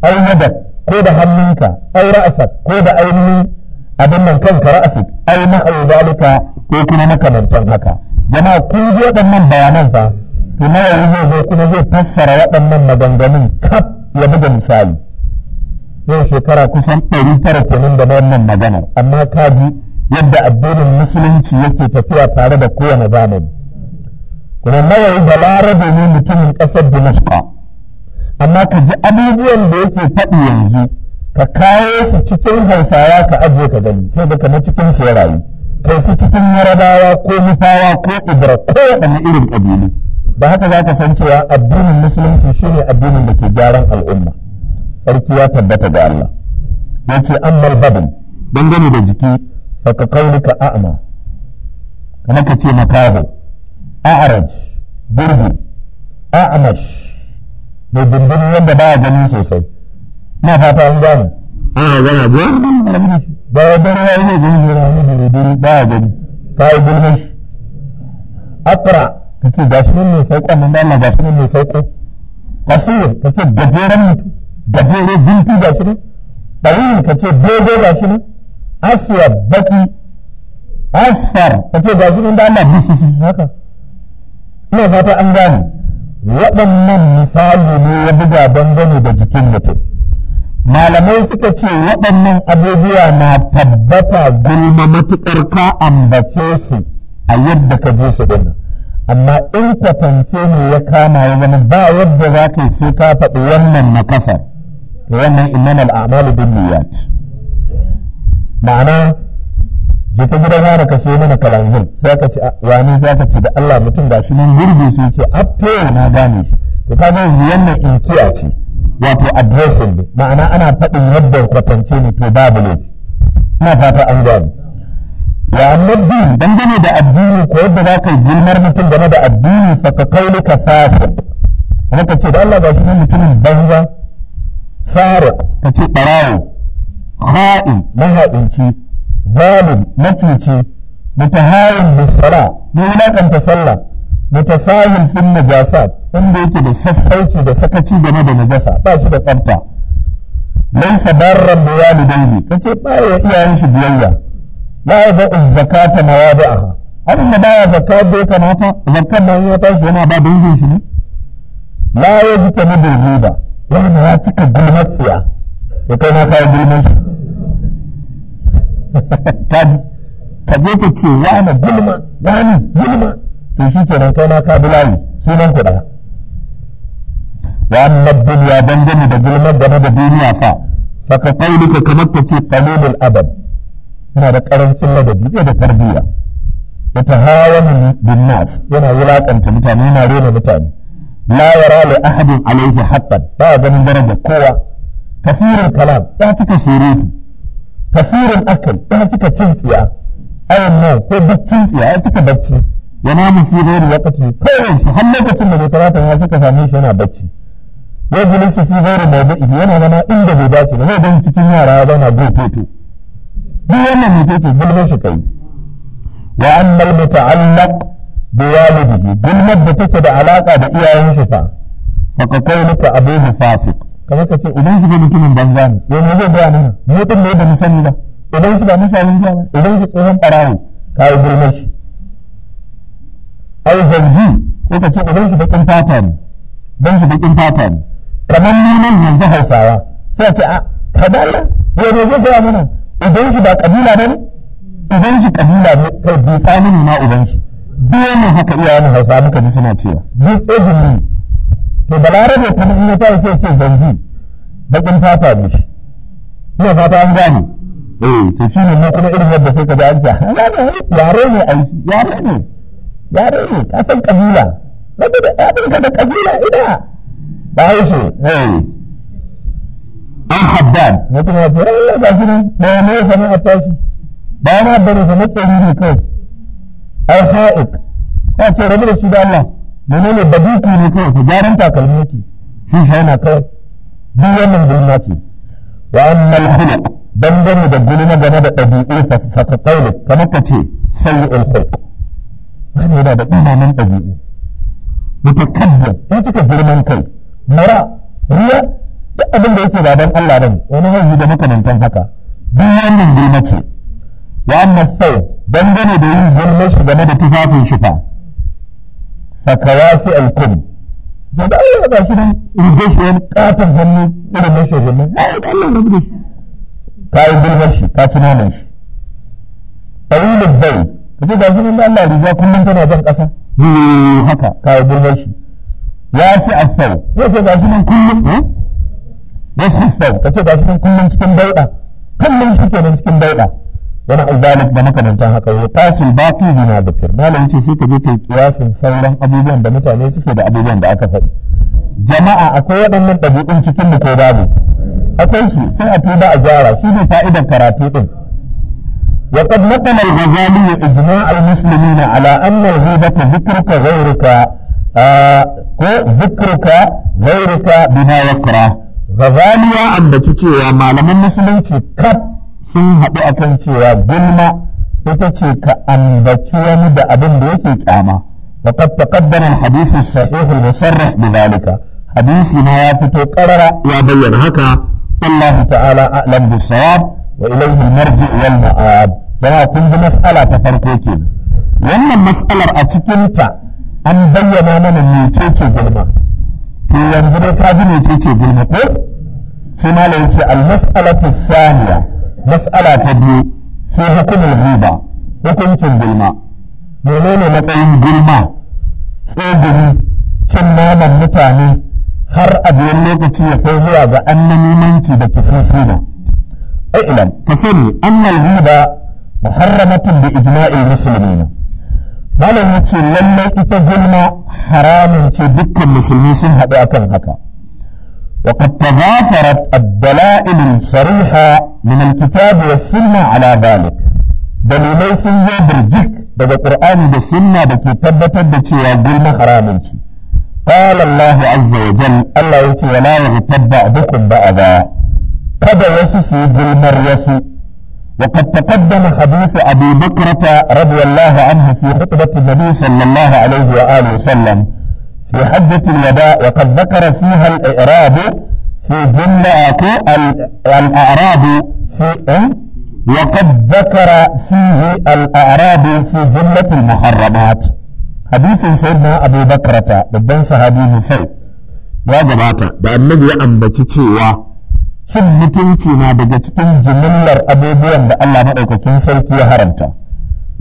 S1: ai nadak ko da hannunka ai ra'asak ko da ainihin abin nan kanka ra'asi ai nahu zalika ko kuma makamantan haka jama'a kun ji waɗannan bayanan fa to na zai zo kuma zai fassara waɗannan maganganun kaf ya buga misali yau shekara kusan ɗari tara kenan da wannan maganar amma ka ji yadda addinin musulunci yake tafiya tare da kowane zamani kuma nawayi da larabe ne mutumin ƙasar dimashqa amma ka ji abubuwan da yake faɗi yanzu ka kawo su cikin hausawa ka ajiye ka gani sai baka na cikin su ya kai su cikin yarabawa ko nufawa ko ibra ko wani irin ƙabilu ba haka za ka san cewa addinin musulunci shine addinin da ke gyaran al'umma sarki ya tabbata ga Allah Ya yace ammal badan dangane da jiki faka ka Aama, kamar ka ce makaho a'araj burbu a'mash mai dindin yadda baya gani sosai na fata an gane a gana ba ba da ya yi gani da rani da dare ba ya gani ka yi gulmin shi akra ka ce gashi nan mai sauko nan da Allah gashi nan mai sauko kasir ka ce gajeren mutu gajere bintu gashi nan ɗarin ka ce dogo gashi nan aswad baki asfar ka ce gashi nan da Allah bisi haka ina fata an gane waɗannan misali ne ya buga dangane da jikin mutum malamai suka ce waɗannan abubuwa na tabbata gulma matuƙar ka ambace su a yadda ka je su dinnan amma in kwatance ne ya kama ya zama ba yadda za ka yi sai ka faɗi wannan na ƙasa wannan innan al'amalu bin niyyat ma'ana je ta gidan wani ka so mana kalanzir sai ka ce wani sai ka ce da Allah mutum gashi nan gurbe su ce a na gane shi to ka ga wannan inkiya ce wato addressing ma'ana ana faɗin yadda kwatance ne to babu ne ina fata an gane ya annabi dangane da addini ko yadda za ka yi gulmar mutum game da addini saka kauli ka fasa kuma ka ce da Allah ga shi mutumin banza sara ka ce barawo na mahaɗinci zalim macuci mutahayin bisala ne wulaƙanta sallah mutasahil fil najasat wanda yake da sassauci da sakaci game da najasa ba shi da tsafta laysa barran bi walidayhi kace ba ya iyayen shi biyayya la yad'u zakata mawadi'aha abin da baya zakka bai da ya tashi ba dangin shi ne la yajtani bil riba yana ya cika gulmar tsiya ya kai shi ce gulma to shi kenan kai ma ka bi layi sunan ku daya wa amma dunya dangane da gulmar game da duniya fa fa ka qauluka kamar kace qalilul adab yana da karancin ladabi da tarbiyya da tahawanu bin nas yana wulakanta mutane yana rena mutane la yara li ahadin alayhi haqqan ba ganin daraja kowa kasirin kalam ya cika surutu kasirin akal ya cika cinciya ayyana ko baccin tsiya ya cika bacci ya namu fi da lokaci kawai har lokacin da zai karata ya suka same shi yana bacci ya jilisu fi gairi mawdu'i yana zama inda bai dace ba zai dan cikin yara ya zauna go toto duk wannan mai take gulmar shi kai wa amma al-muta'allaq bi walidihi gulmar da take da alaka da iyayen shi fa fa qawluka abuhu fasik kamar ka ce idan shi mutumin banza ne ne zai bayani ne mutum ne da musani ba idan shi ba misalin ba idan shi tsohon barawo yi gulmar shi alhaji ko ka ce uban shi bakin fata ne ban shi bakin fata ne kamar yanzu hausawa sai a ce a kabala ya ne zai gaya mana idan shi ba kabila ba ne idan shi kabila ne kai bi tsamin ma uban shi dole haka iyayen hausa muka ji suna cewa bi tsibili to balarabe kuma in ya tashi sai ce zanji bakin fata ne shi ina fata an gane eh to shi ne kuma irin yadda sai ka ji an ce yare ne aiki yare ne yare ne ka san kabila wanda da yadin ka da kabila ina ba yake ne an haddad na kuma ya fara Allah ga shi ne da ya mai sana'a ta shi ba ma bane sa na tsari ne kai ai ha'iq ka ce rabu da shi da Allah menene baduku ne kai ku gyaran takalmi yake shi shi yana kai duk wannan gulma ce wa annal khuluq dangane da gulma game da ɗabi'u sa ta kaulu kamar ka ce sayyul khuluq wani yana da ƙananan ɗabi'u mutakabbir ya girman kai mara ruwa da abin da yake baban Allah bane wani hanyi da makamantan haka duk wannan girma ce wa amma sau dangane da yin girman shi game da tufafin shi fa sakawasi alkum da da Allah ba shi nan rige shi wani katon hannu irin na shirin nan ai da Allah da shi ka yi girman shi ka ci shi kace ga shi nan Allah riga kullum tana jan kasa haka kai burbar shi ya fi asau yace ga shi nan kullum hmm? ya shi asau kace ga shi nan kullum cikin bai'a kullum shi kenan cikin bai'a wani albalik da makamantan haka ya tasul baqi bina dhikr malam yace sai ka je kai kiyasin sauran abubuwan da mutane suke da abubuwan da aka faɗi jama'a akwai waɗannan ɗabi'un cikin mu ko babu akwai su sai a tuba a gyara shi ne fa'idar karatu din وقد نقل الغزالي إجماع المسلمين على أن الغيبة ذكرك غيرك آه، ذكرك غيرك بما يكره غزالي ان cewa يا musulunci kaf sun haɗu akan cewa يا ita ce كأن ambaci wani ابن abin da وقد تقدم الحديث الصحيح المصرح بذلك حديث ما يفتو قرر يا بين هكا الله تعالى أعلم بالصواب wa ilaihi marji wal ma'ad ji mas'ala ta farko ke wannan mas'alar a cikin ta an bayyana mana mecece gulma to yanzu dai ka ji mecece gulma ko sai malam yace al mas'alatu mas'ala ta biyu sai hukumul riba hukuncin gulma menene matsayin gulma tsogiri cin naman mutane har a biyan lokaci ya kai zuwa ga annamimanci da fusasina اعلم تسمي ان الهدى محرمة باجماع المسلمين بل المتسل لما اتجلنا حرام في ذكى المسلمين سنها باكذبك وقد تضافرت الدلائل الصريحة من الكتاب والسنة على ذلك بل ليس يدرجك بدا قرآن دا سنة دا كتابة دا حرام قال الله عز وجل الله يتي ولا يتبع بكم بعضا قد في المريس وقد تقدم حديث أبي بكرة رضي الله عنه في خطبة النبي صلى الله عليه وآله وسلم في حجة الوداع وقد ذكر فيها الإعراب في جملة الأعراب في وقد ذكر فيه الأعراب في جملة المحرمات حديث سيدنا ابي بكرة ببن صحابي نفيل يا جماعة بأن النبي أنبتي cin mutunci na daga cikin jimillar abubuwan da Allah maɗaukakin sarki ya haramta.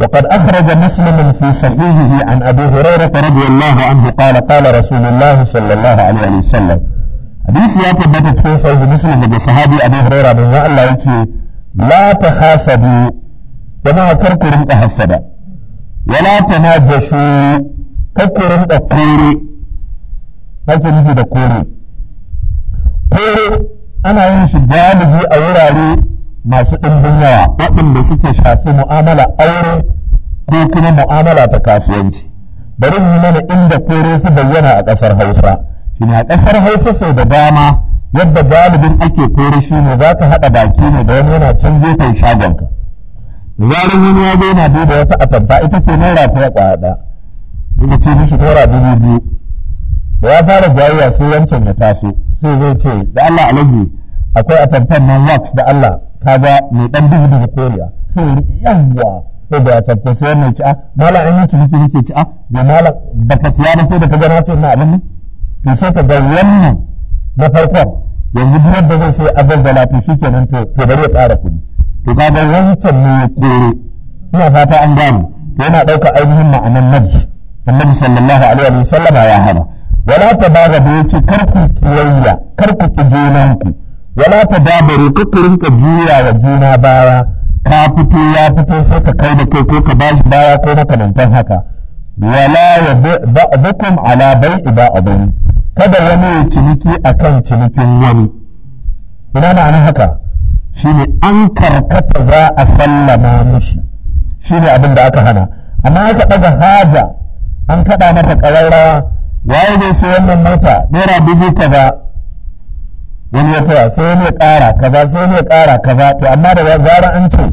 S1: وقد أخرج مسلم في صحيحه عن أبي هريرة رضي الله عنه قال قال رسول الله صلى الله عليه وسلم حديث يا تبت في صحيح مسلم من صحابي أبي هريرة من الله يتي لا تحاسدوا وما كركرم أحسدا ولا تناجشوا كركرم أكوري ما تنجد أكوري كوري ana yin shi galibi a wurare masu ɗimbin yawa waɗanda suke shafi mu'amala aure ko kuma mu'amala ta kasuwanci bari yi mana inda kore su bayyana a ƙasar hausa ne a ƙasar hausa sau da dama yadda galibin ake kore shi ne za ka haɗa baki ne da wani yana can gefen shagonka zarar wani ya zo na da wata atamfa ita ce naira ta ya ɗaya ita ce mishi naira dubu biyu da ya fara jayayya sai wancan ya taso sai zai ce da Allah alaji akwai atamfan nan wax da Allah ka ga mai dan duhu duhu koriya sai yawwa sai da atamfa sai wannan ci a ah, malam an yi ciniki nake ci a ah, da malam da ka siya da sai da ka ga na ce na abin to sai ka ga wannan na farkon yanzu duk da zai sai azazzala shi shikenan to to bari ya ƙara kuɗi to ga ga wancan ne ya kore ina fata an gane to yana ɗaukar ainihin ma'anar nabi annabi sallallahu alaihi wa sallama ya hana wala ta baga da yace kar ku kiyayya kar ku ki junanku wala ta dabaru ka ku rinka juya wa juna baya ka fito ya fito saka kai da kai ko ka bashi baya ko makamantan haka wala ya ba'dukum ala bai'i ba'dun kada wani ya ciniki akan cinikin wani ina ma'ana haka shine an karkata za a sallama mushi shine abin da aka hana amma aka daga haja an kada mata ƙararrawa waye zai sai wannan mota naira dubu kaza wani ya taya sai wani ya ƙara kaza sai wani ya ƙara kaza to amma da zara an ce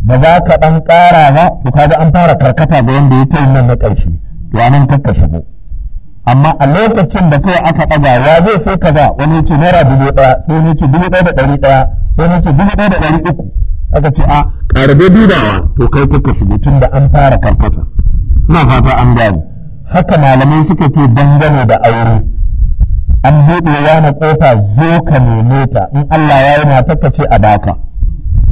S1: ba za ka ɗan ƙara ba to kaga an fara karkata ga wanda ya yi nan na ƙarshe to anan kakka shigo amma a lokacin da kai aka ɗaga ya zai sai kaza wani ya ce naira dubu ɗaya sai wani ya ce dubu ɗaya da ɗari ɗaya sai wani ya ce dubu ɗaya da ɗari uku aka ce a ƙarabe dubawa to kai kakka shigo tun da an fara karkata ina fata an gane haka malamai suka ce dangane da aure an buɗe yana ƙofa zo ka neme ta in Allah ya yi matarka ce a baka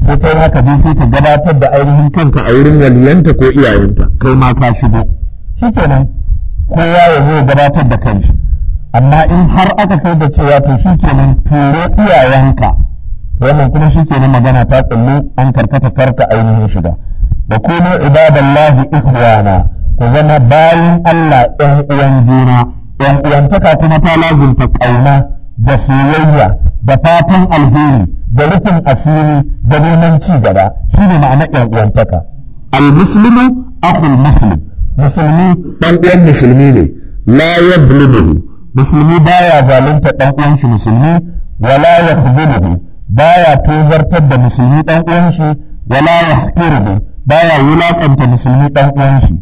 S1: sai kai haka ka je sai ka gabatar da ainihin kanka a wurin waliyanta ko iyayenta kai ma ka shigo shikenan kowa ya zo gabatar da kanshi amma in har aka kai da cewa to shi shikenan turo iyayenka wannan kuma shi shikenan magana ta kullu an karkata karka ainihin shiga da kuma ibadallahi ikhwana ku zama bayan Allah yan uwan juna ɗan uwantaka kuma ta lazumta ƙauna da soyayya da fatan alheri da rufin asiri da neman ci gaba ne ma'ana ɗan uwantaka al-muslimu akhul muslim musulmi ɗan uwan musulmi ne la yadlimuhu musulmi ba ya zalunta ɗan uwan shi musulmi wala ba ya tozartar da musulmi ɗan uwan shi wala ba baya wulakanta musulmi ɗan uwanshi.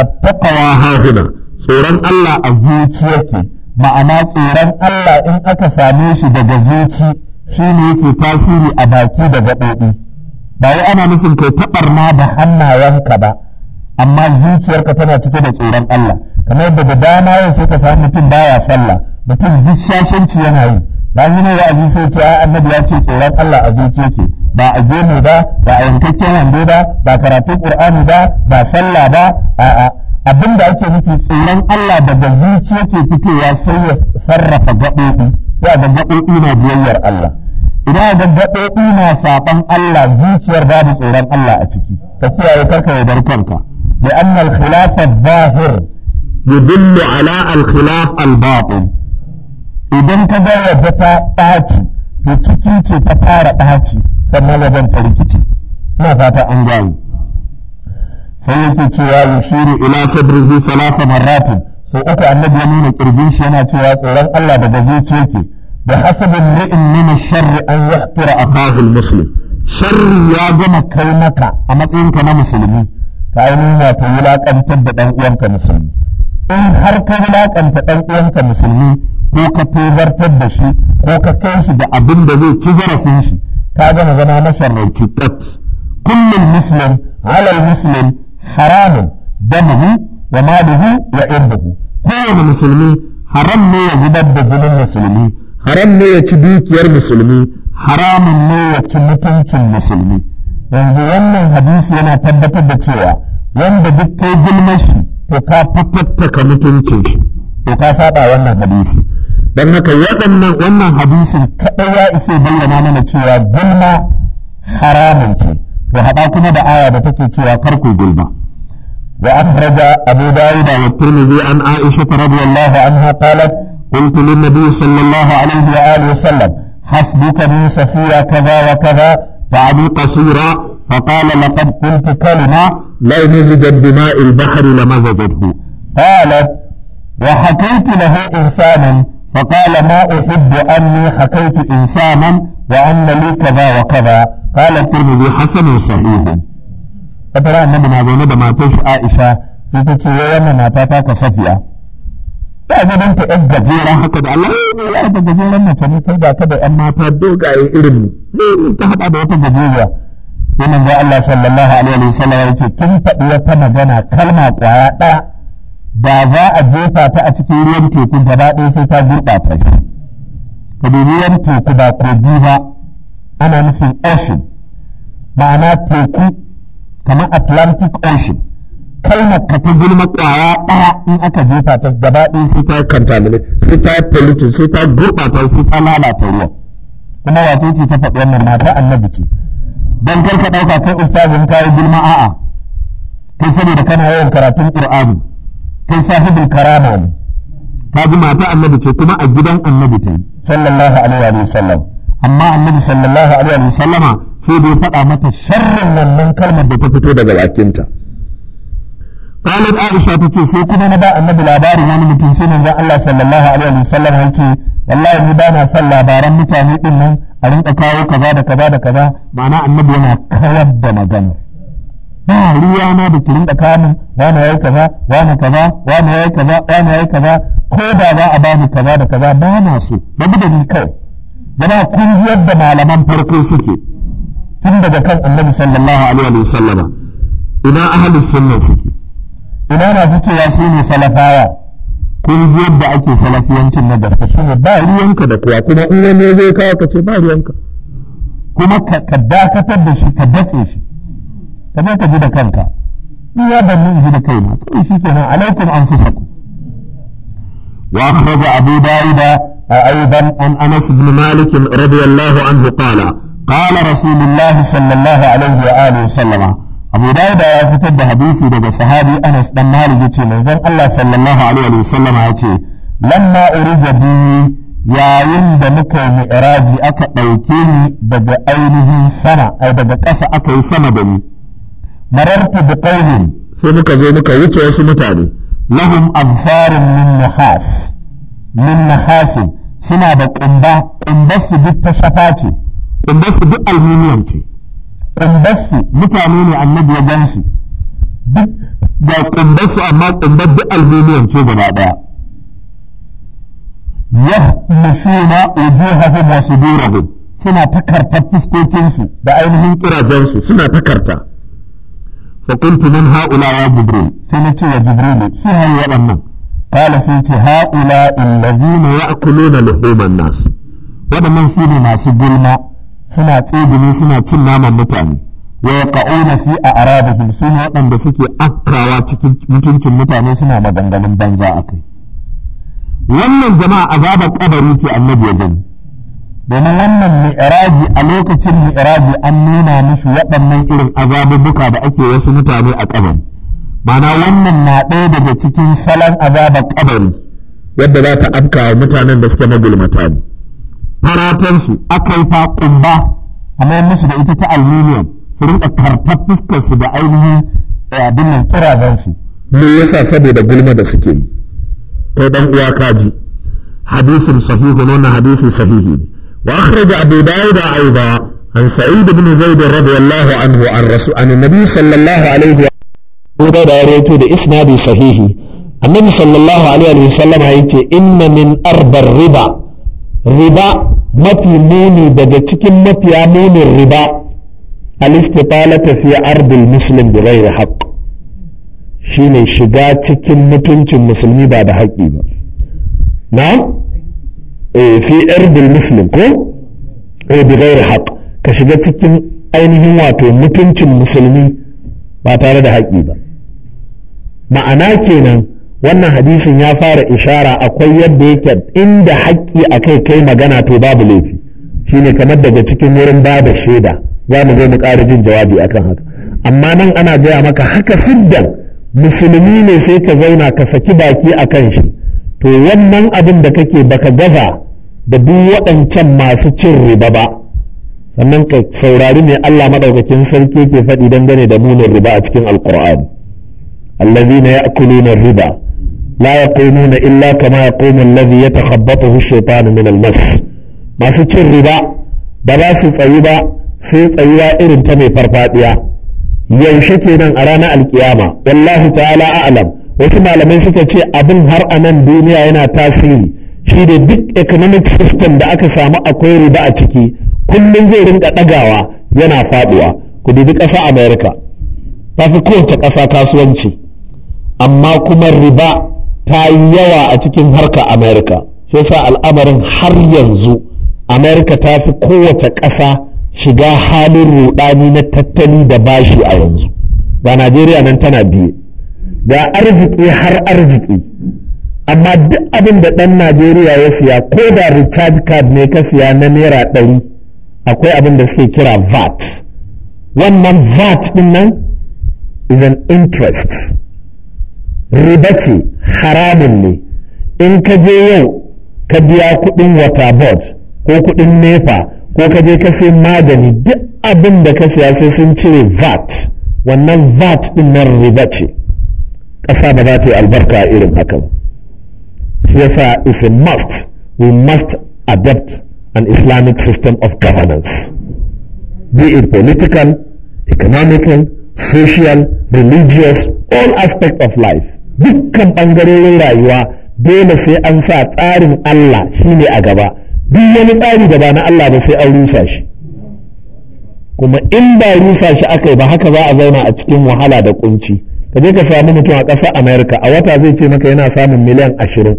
S1: attaqwa hafina tsoron Allah a zuciyarki ma'ana tsoron Allah in aka same shi daga zuci shi ne yake tasiri a baki da gaɓoɓi ba wai ana nufin kai na da hannayenka ba amma zuciyarka tana cike da tsoron Allah kamar yadda da dama yau sai ka samu mutum baya sallah mutum duk shashanci yana yi ba ne wa'azi sai ce annabi ya ce tsoron Allah a zuciyarki ba a gemu ba ba a yankakken wando ba ba karatun ƙur'ani ba ba sallah ba a'a abin da ake nufi tsoron Allah daga zuciya ke fitowa sai ya sarrafa gaɓoɓi sai ga gaɓoɓi na biyayyar Allah idan ga gaɓoɓi na saɓan Allah zuciyar babu tsoron Allah a ciki ka kiyaye karka ya bar kanka da annal khilafa zahir yudillu ala al khilaf al batin idan ka ga yadda ta ɗaci to ciki ce ta fara ɗaci sannan wajen ta ina fata an gano sai yake cewa yushiru ila sadrihi salasa marratin so uku annabi ya nuna kirjin shi yana cewa tsoron Allah daga zuciya yake da hasabin ri'in min sharri an yahqira akahu al-muslim sharri ya gama kai maka a matsayinka na musulmi ka yi nuna ta da ɗan uwanka musulmi in har ka wulaƙanta ɗan uwanka musulmi ko ka tozartar da shi ko ka kai shi da abin da zai ci zarafin shi ta gama zama masarauci tat kullum muslim alal muslim haramun damuhu wa maluhu wa irduhu kowane musulmi haram ne ya zubar da jinin musulmi haram ne ya ci dukiyar musulmi haramun ne ya ci mutuncin musulmi yanzu wannan hadisi yana tabbatar da cewa wanda duk kai gulmashi to ka fafattaka mutuncin shi to ka saba wannan hadisi don haka waɗannan wannan hadisin kaɗai ya isa bayyana mana cewa gulma haramun ce da haɗa kuma da aya da take cewa karku gulma wa akhraja abu dawud wa tirmidhi an aisha radhiyallahu anha qalat قلت للنبي صلى الله عليه وآله وسلم حسبك من سفيرة كذا وكذا بعدي قصيرة فقال لقد قلت كلمة لو مزجت بماء البحر لمزجته قالت وحكيت له إنسان فقال ما أحب أني حكيت إنسانا وأن لي كذا وكذا قال الترمذي حسن صحيح فترى أن من هذا ندى ما تش عائشة ستتي وأن ما تاتاك صفية فإذا أنت أجد جيرا حكد على لا أجد جيرا ما تني كذا كذا أما تدوك أي إرم أنت حد أبو تجيرا لمن جاء الله صلى الله عليه وسلم كم تأتي وتمجنا كلمة وعلى ba za a jefa ta a cikin ruwan teku gaba ɗaya sai ta gurɓata shi ka ruwan teku ba kogi ba ana nufin ocean ma'ana teku kamar atlantic ocean kalmar ka ta gulma ƙwaya ɗaya in aka jefa ta gaba ɗaya sai ta contaminate sai ta polluted sai ta gurɓata sai ta lalata ruwan kuma wace ce ta faɗi wannan mata annabi ce Dan kar ka ɗauka kai ustazin kayi gulma a'a kai saboda kana yawan karatun ƙur'ani kai sahibin karama ne ta ji mata annabi ce kuma a gidan annabi ta sallallahu alaihi wa sallam amma annabi sallallahu alaihi wa sallama sai bai faɗa mata sharrin wannan kalmar da ta fito daga bakinta qalat aisha ta ce sai kuma na ba annabi labarin wani mutum sai manzon Allah sallallahu alaihi wa sallam ya ce wallahi ba na son labaran mutane din nan a rinka kawo kaza da kaza da kaza ma'ana annabi yana kawar da magana ba riya na da kirin da kamun wani yayi kaza wani kaza wani yayi kaza wani yayi kaza ko da za a bani kaza da kaza ba na so ba da ni kai jama'a kun da malaman farko suke tun daga kan annabi sallallahu alaihi wa sallama ina ahlus sunna suke ina masu cewa su ne salafaya? kun da yadda ake salafiyancin na gaske shi ne ba ruwanka da kuwa kuma in wani zai kawo ka ce ba ruwanka kuma ka dakatar da shi ka datse shi ka ka ji da kanka ni ya ban in ji da kaina to shi kenan alaikum anfusakum wa akhraja abu dawuda أيضا عن أنس بن مالك رضي الله عنه قال قال رسول الله صلى الله عليه وآله وسلم أبو داود يفتد حديثي دقى صحابي أنس بن مالك يتي منزل الله صلى الله عليه وسلم يتي لما أريد بي يا يند مكا مئراجي أكا أوكيني دقى أينه سنة أو دقى قصة أكا سنة بني marartu bi qaumin sai muka zo muka wuce wasu mutane lahum azfarun min nahas min suna da kumba kumbarsu duk ta shafa ce kumbarsu duk aluminium ce kumbarsu mutane ne annabi ya gansu duk ga kumbarsu amma kumbar duk aluminium ce gaba daya yahmushuna suna da ainihin kurajensu suna takarta فقلت من هؤلاء يا جبريل سنتي يا جبريل فيها يا قال سنتي هؤلاء الذين يأكلون لحوم الناس waɗannan su ne masu gulma suna tsibini suna cin naman mutane wa yaqauna fi a'radihim su ne waɗanda suke afkawa cikin mutuncin mutane suna maganganun banza akai wannan zama azabar kabari ce annabi ya gani domin wannan mi'raji a lokacin mi'raji an nuna musu waɗannan irin azabubuka da ake wasu mutane a kabari mana wannan na ɗaya daga cikin salon azabar ƙabari. yadda za ta afka mutanen da suka magulmata ne faratansu aka yi kumba a musu da ita ta alminiyan su rinka kartar fuskarsu da ainihin eh, abin nan kirazansu me yasa saboda gulma da suke yi kai dan uwa kaji hadisin sahihu wannan hadisin sahihi ne وأخرج أبو داود أيضا عن سعيد بن زيد رضي الله عنه عن رسول عن النبي صلى الله عليه وسلم أبو داود رويته بإسناد صحيح النبي صلى الله عليه وسلم يقول إن من أربى الربا ربا ما في daga cikin mafiya munin riba الربا الاستطالة في ارض المسلم بغير حق شيني shine shiga cikin mutuncin بعد ba نعم Eh, fi ardil muslim ko eh, bi ghairi ka shiga cikin ainihin wato mutuncin musulmi ba tare da haƙƙi ba ma'ana kenan wannan hadisin ya fara ishara akwai yadda yake inda haƙƙi akai kai magana to babu laifi shine kamar daga cikin wurin babu shaida za mu zo mu ƙara jin jawabi akan haka amma nan ana gaya maka haka siddan musulmi ne sai ka zauna ka saki baki akan shi to wannan abin da kake baka gaza da duk waɗancan masu cin riba ba sannan ka saurari ne Allah maɗaukakin sarki ke faɗi dangane da munin riba a cikin alƙur'ani allazina ya'kuluna riba la yaqumuna illa kama yaqumu allazi yatakhabbathu ash-shaytanu min al-mas masu cin riba ba za su tsayi ba sai tsayuwa irin ta mai farfadiya yaushe kenan a ranar alkiyama wallahi ta'ala a'lam wasu malamai suka ce abin har a nan duniya yana tasiri shi da duk economic system da aka samu akwai riba a ciki kullum zai rinka ɗagawa yana faɗuwa ku dubi ƙasa america ta fi kowace ƙasa kasuwanci amma kuma riba ta yi yawa a cikin harka america shi yasa al'amarin har yanzu america ta fi kowace ƙasa shiga halin ruɗani na tattali da bashi a yanzu ba najeriya nan tana biye da arziki har arziki amma duk abin da ɗan najeriya ya siya ko da recharge card ne ka siya na naira ɗari akwai abin da suke kira vat wannan vat ɗin nan is an interest riba ce haramun ne in ka je yau ka biya kuɗin water board ko kuɗin nepa ko ka je ka sai magani duk abin da ka siya sai sun cire vat wannan vat ɗin nan riba ce ƙasa ba za ta yi albarka irin haka ba shi yasa is a must we must adopt an islamic system of governance be it political economical social religious all aspect of life dukkan ɓangarorin rayuwa dole sai an sa tsarin Allah shine a gaba duk wani tsari da ba na Allah ba sai an rusa shi kuma in ba rusa shi aka yi ba haka za a zauna a cikin wahala da kunci ka je ka samu mutum a ƙasar amerika a wata zai ce maka yana samun miliyan ashirin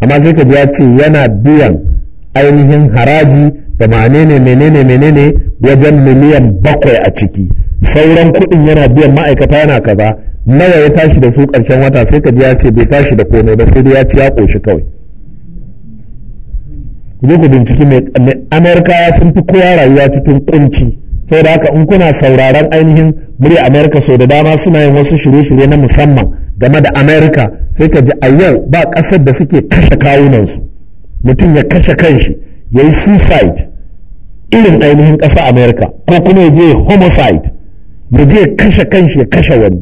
S1: amma sai ka ji ya ce yana biyan ainihin haraji da menene menene menene wajen miliyan bakwai a ciki sauran kuɗin yana biyan ma'aikata yana kaza nawa ya tashi da su ƙarshen wata sai ka ji ya ce bai tashi da komai ba sai dai ya ci ya ƙoshi kawai ku je ku binciki mai sun fi kowa rayuwa cikin ƙunci sai da haka in kuna sauraron ainihin murya amerika sau da dama suna yin wasu shirye-shirye na musamman game da amerika sai ka ji a yau ba ƙasar da suke kashe kawunansu mutum ya kashe kanshi ya yi suicide irin ainihin ƙasa amerika ko kuma ya je homicide ya je kashe kanshi ya kashe wani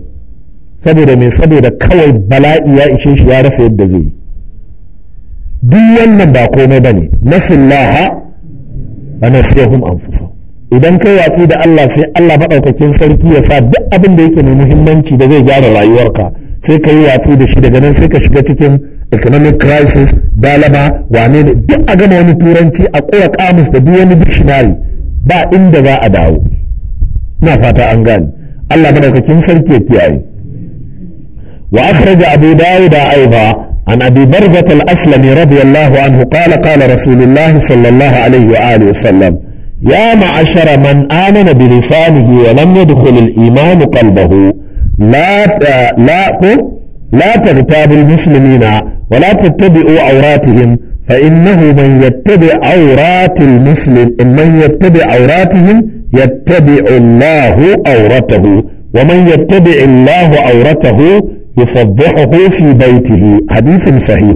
S1: saboda mai saboda kawai bala'i ya ishe shi ya rasa yadda zai yi duk wannan ba komai bane nasullaha wa an anfusahum idan kai watsi da Allah sai Allah maɗaukakin sarki ya sa duk abin da yake mai muhimmanci da zai gyara rayuwarka sai ka yi watsi da shi daga nan sai ka shiga cikin economic crisis dalaba wane ne duk a gama wani turanci a ƙura kamus da duk wani dictionary ba inda za a dawo na fata an gane Allah maɗaukakin sarki ya kiyaye wa akhraja abu dawud aiba عن أبي برزة الأسلمي رضي الله عنه قال قال رسول الله صلى الله عليه wa sallam. يا معشر من آمن بلسانه ولم يدخل الإيمان قلبه لا لا لا تغتابوا المسلمين ولا تتبعوا عوراتهم فإنه من يتبع عورات المسلم من يتبع عوراتهم يتبع الله عورته ومن يتبع الله عورته يفضحه في بيته حديث صحيح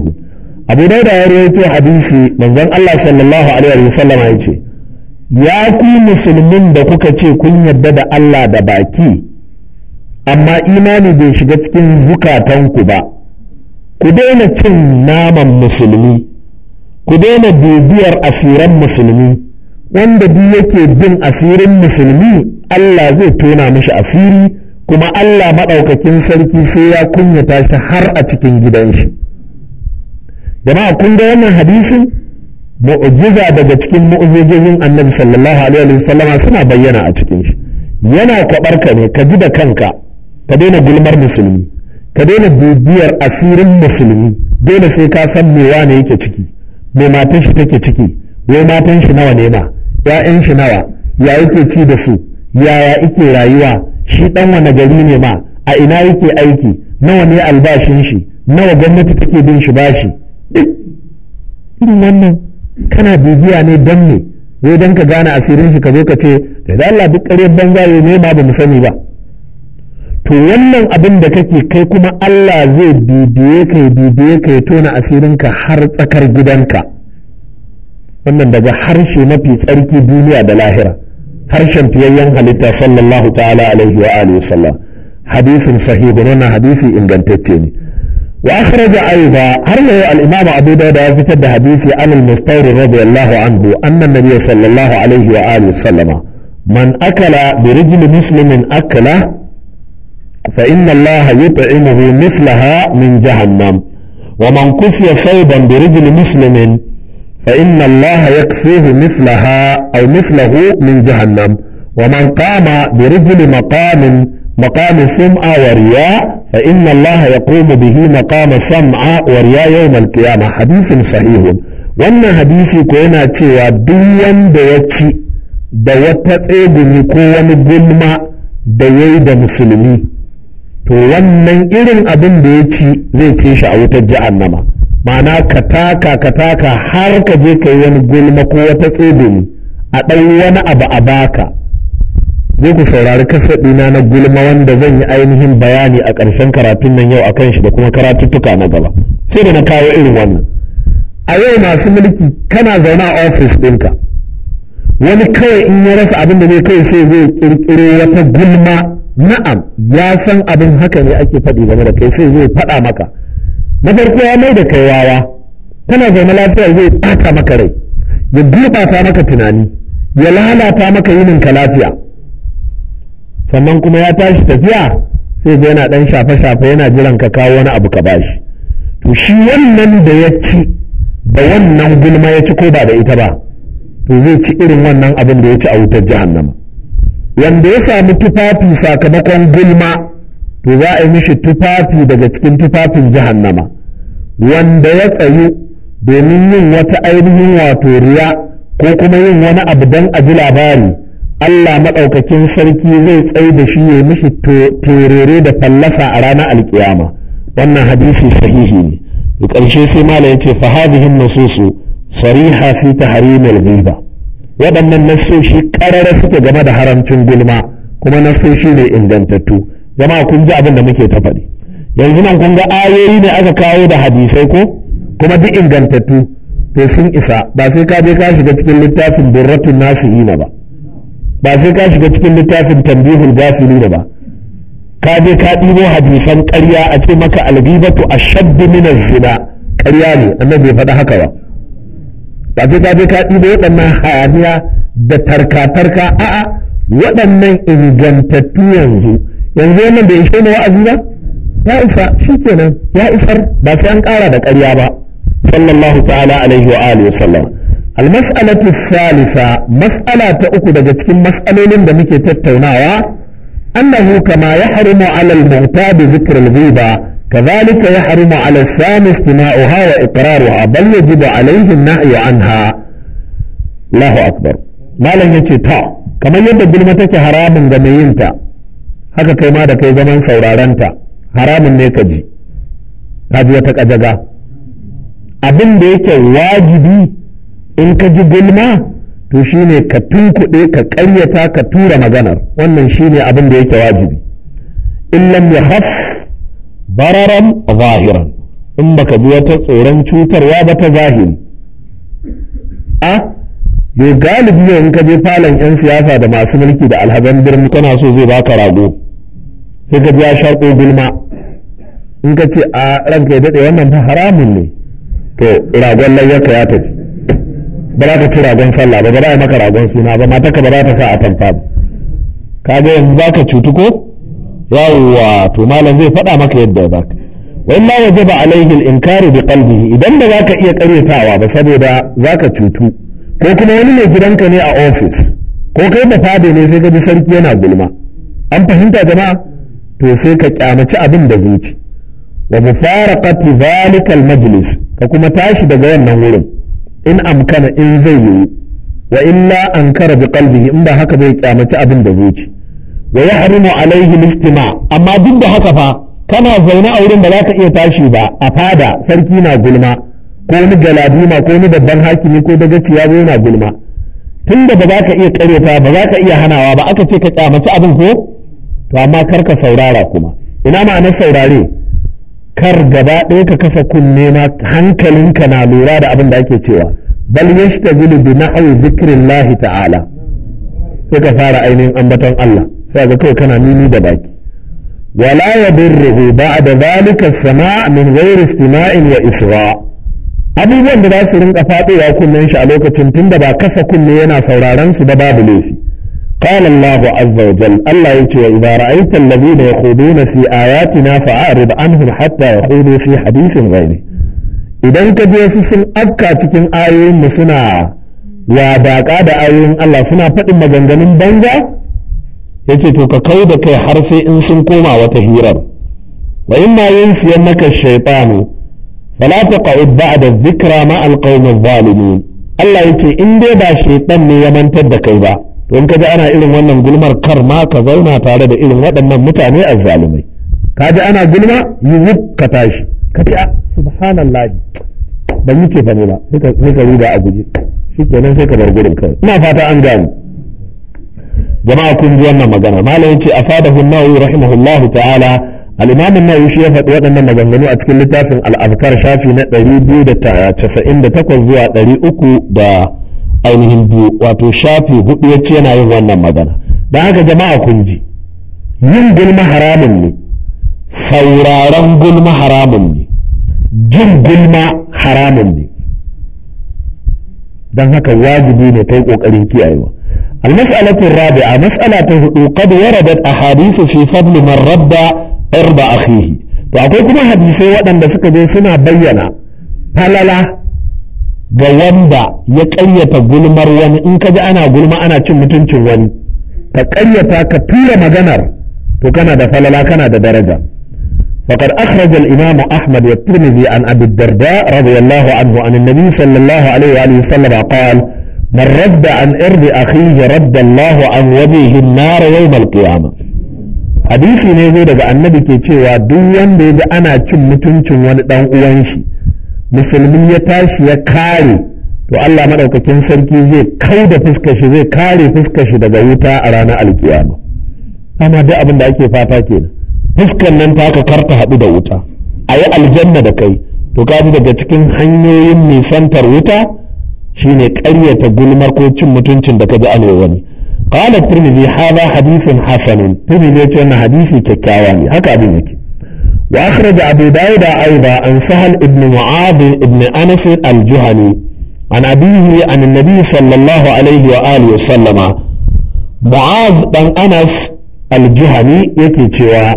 S1: أبو داود يروي حديثي من الله صلى الله عليه وسلم عليه ya ku musulmin da kuka ce kun yarda da Allah da baki amma imani bai shiga cikin zukatanku ba ku daina cin naman musulmi ku daina bibiyar asiran musulmi wanda duk yake bin asirin musulmi Allah zai tona mashi asiri kuma Allah maɗaukakin sarki sai ya kunyata shi har a cikin gidan shi jama'a kun ga wannan hadisin mu'jiza daga cikin mu'jizojin annabi sallallahu alaihi sallama suna bayyana a cikin shi yana kwabar ka ne ka ji da kanka ka daina gulmar musulmi ka daina bibiyar asirin musulmi dole sai ka san me wane yake ciki me matan shi take ciki me matan shi nawa ne na ya'yan shi nawa ya yake ci da su yaya yake rayuwa shi dan wani gari ne ma a ina yake aiki nawa ne albashin shi nawa gwamnati take bin shi bashi wannan kana bibiya ne dan ne wai dan ka gane asirin shi ka zo ka ce da Allah duk ƙaryar banza ne ne ba mu sani ba to wannan abin da kake kai kuma Allah zai bibiye ka bibiye ka ya tona asirinka har tsakar gidanka wannan daga harshe mafi tsarki duniya da lahira harshen fiyayyen halitta sallallahu ta'ala alaihi wa alihi wa sallam hadisin sahihu wannan hadisi ingantacce ne وأخرج أيضا هل الإمام أبو داود فتد حديث عن المستور رضي الله عنه أن النبي صلى الله عليه وآله وسلم من أكل برجل مسلم أكله فإن الله يطعمه مثلها من جهنم ومن كسي ثوبا برجل مسلم فإن الله يكسيه مثلها أو مثله من جهنم ومن قام برجل مقام مقام السمعة ورياء فإن الله يقوم به مقام السمعة ورياء yau القيامة حديث sahihu. wannan hadisi ko yana cewa duk wanda ya ci da wata tsegumi ko wani gulma da ya da musulmi to wannan irin abin da ya ci zai ce shi a wutar jahannama ma'ana ka taka ka taka har ka je ka wani gulma ko wata tsegumi a ɗan wani abu a baka zai ku saurari kasaɗina na gulma wanda zan yi ainihin bayani a ƙarshen karatun nan yau akan shi da kuma karatuttuka na gaba sai da na kawo irin wannan a yau masu mulki kana zaune a ofis ɗinka wani kawai in ya rasa abin da zai kawai sai zai ƙirƙiro wata gulma na'am ya san abin haka ne ake faɗi game da kai sai zai faɗa maka na farko ya mai da kai wawa kana zaune lafiya zai ɓata maka rai ya gurɓata maka tunani ya lalata maka yininka lafiya sannan kuma ya tashi tafiya sai ga yana ɗan shafe-shafe yana jiran ka kawo wani abu ka bashi to shi wannan da ya ci da wannan gulma ya ci ko ba da ita ba to zai ci irin wannan abin da ya ci a wutar jahannama wanda ya samu tufafi sakamakon gulma to za a yi mishi tufafi daga cikin tufafin jahannama wanda ya tsayu domin yin wata ainihin wato riya ko kuma yin wani abu don a ji labari Allah maɗaukakin sarki zai tsaye da shi ya mishi terere da fallasa a ranar alkiyama wannan hadisi sahihi ne da ƙarshe sai mala ya ce fa hadihin nasusu sariha fi Harimar ghiba waɗannan nasoshi ƙarara suke game da haramcin gulma kuma nasoshi ne ingantattu Zama kun ji abin da muke ta faɗi yanzu nan kun ga ayoyi ne aka kawo da hadisai ko kuma duk ingantattu to sun isa ba sai ka je ka shiga cikin littafin durratun nasihina ba ba sai ka shiga cikin littafin tambihul gafili ba ka je ka ɗibo hadisan ƙarya a ce maka alghibatu ashaddu min zina ƙarya ne annabi bai faɗa haka ba ba sai ka je ka ɗibo waɗannan hayaniya da tarka-tarka a'a waɗannan ingantattu yanzu yanzu wannan bai ishe ni wa'azi ba ya isa shikenan ya isar ba sai an ƙara da ƙarya ba sallallahu ta'ala alaihi wa alihi wa sallam almas'alatu salisa mas'ala ta uku daga cikin mas'alolin da muke tattaunawa annahu kama yahrumu ala al-mu'tad dhikr al-ghiba كذلك يحرم على السام استماعها وإقرارها بل Anha. عليه النهي عنها الله أكبر ما لن يجي تا كما يبدو بلمتك حرام جميعينتا haka kai ma da kai zaman saurarenta haramun ne ka ji ka ji wata kajaga abin da yake wajibi in ka ji gulma to shine ka tunkuɗe ka ƙaryata ka tura maganar wannan shine abin da yake wajibi in lam yakhaf bararan zahiran in baka bi wata tsoron cutarwa ba ta zahiri a yo galibi ne in ka je falon yan siyasa da masu mulki da alhazan birni kana so zai baka rago sai ka biya shaƙo gulma in ka ce a ranka ya daɗe wannan haramun ne to ragon lai ya tafi ba za ta ci ragon sallah ba ba za a maka ragon suna ba matarka ba za ta sa a tamfa ba kaga yanzu za ka cutu ko yawwa to malam zai faɗa maka yadda ya baka waje ba a alaihi al-inkaru bi qalbihi idan ba za ka iya karyatawa ba saboda za ka cutu ko kuma wani ne gidanka ne a ofis ko kai da fado ne sai ka ji sarki yana gulma an fahimta jama'a to sai ka kyamaci abin da zuci wa mufaraqati dhalika al-majlis ka kuma tashi daga wannan wurin in amkana in zai yi wa illa ankara bi qalbihi in ba haka bai kyamaci abin da zuci wa yahrimu alaihi listima amma duk da haka fa kana zaune a wurin ba za ka iya tashi ba a fada sarki na gulma ko wani galaduma ko wani babban hakimi ko dagaci ya zo na gulma da ba za ka iya kareta ba za ka iya hanawa ba aka ce ka kyamaci abin ko to amma kar ka saurara kuma ina ma'anar saurare kar gaba ɗaya ka kasa kunne na hankalinka na lura da abin da ake cewa bal yashtagilu bi na'awi zikrillahi ta'ala sai ka fara ainihin ambaton Allah sai ga kai kana nini da baki wala yadurruhu ba'da zalika sama min ghairi istima'in wa isra' abubuwan da za su rinka faɗowa kunnen shi a lokacin tunda ba kasa kunne yana sauraron su da babu laifi قال الله عز وجل الله يتي وإذا رأيت الذين يخوضون في آياتنا فأعرض عنهم حتى يخوضوا في حديث غيره إذا كجيس سن أبكى تكن آيين مسنا وباقى دا آيين الله سنا فإما جنجن بنجا يتي توك كيد كي حرسي إن سن كوما وتهيرا وإما ينسينك الشيطان فلا تقعد بعد الذكرى مع القوم الظالمين الله يتي إن دي با شيطان يمن تدكي با to in ka ji ana irin wannan gulmar kar ma ka zauna tare da irin waɗannan mutane a zalumai. ka ji ana gulma yuwub ka tashi ka ce ah, subhanallah ban yi ce fa ne ba sai ka riga a guje shikenan sai ka bar gurin kai. ina fata an gane jama'a kun ji wannan magana malam yace afadahu an-nawawi rahimahullahu ta'ala الإمام النووي شيخ فتوى أن مغنغنو أتكلم لتافن الأذكار شافي نا 298 زوا 300 da ainihin biyu wato shafi hudu ya ce yana yin wannan magana don haka jama'a kun ji yin gulma haramun ne sauraron gulma haramun ne jin gulma haramun ne don haka wajibi ne ta yi ƙoƙarin kiyayewa المسألة الرابعة مسألة هدو قد وردت أحاديث في فضل من رد إرض To akwai kuma حديثي waɗanda suka je suna bayyana falala. ga wanda ya ƙaryata gulmar wani in ka ji ana gulma ana cin mutuncin wani ka ƙaryata ka tura maganar to kana da falala kana da daraja فقد أخرج الإمام أحمد والترمذي عن أبي الدرداء رضي الله عنه عن النبي صلى الله عليه وآله وسلم قال من رد عن إرض أخيه رد الله عن وجهه النار يوم القيامة hadisi ne zai daga annabi ke cewa duk wanda ya ji ana cin mutuncin wani dan uwan shi musulmi ya tashi ya kare to Allah madaukakin sarki zai kai da fuskar shi zai kare fuskar shi daga wuta a ranar alkiyama amma duk abin da ake fata kenan fuskar nan ta ka karta haɗu da wuta a yi aljanna da kai to ka daga cikin hanyoyin mai santar wuta shine ƙaryata gulmar ko cin mutuncin da ka ji alewa wani qala tirmidhi hadha hadithun hasanun tirmidhi ya ce hadisi kyakkyawa ne haka abin yake وأخرج أبو داود أيضا عن سهل بن معاذ بن أنس الجهني عن أبيه عن النبي صلى الله عليه وآله وسلم معاذ بن أنس الجهني يكتوى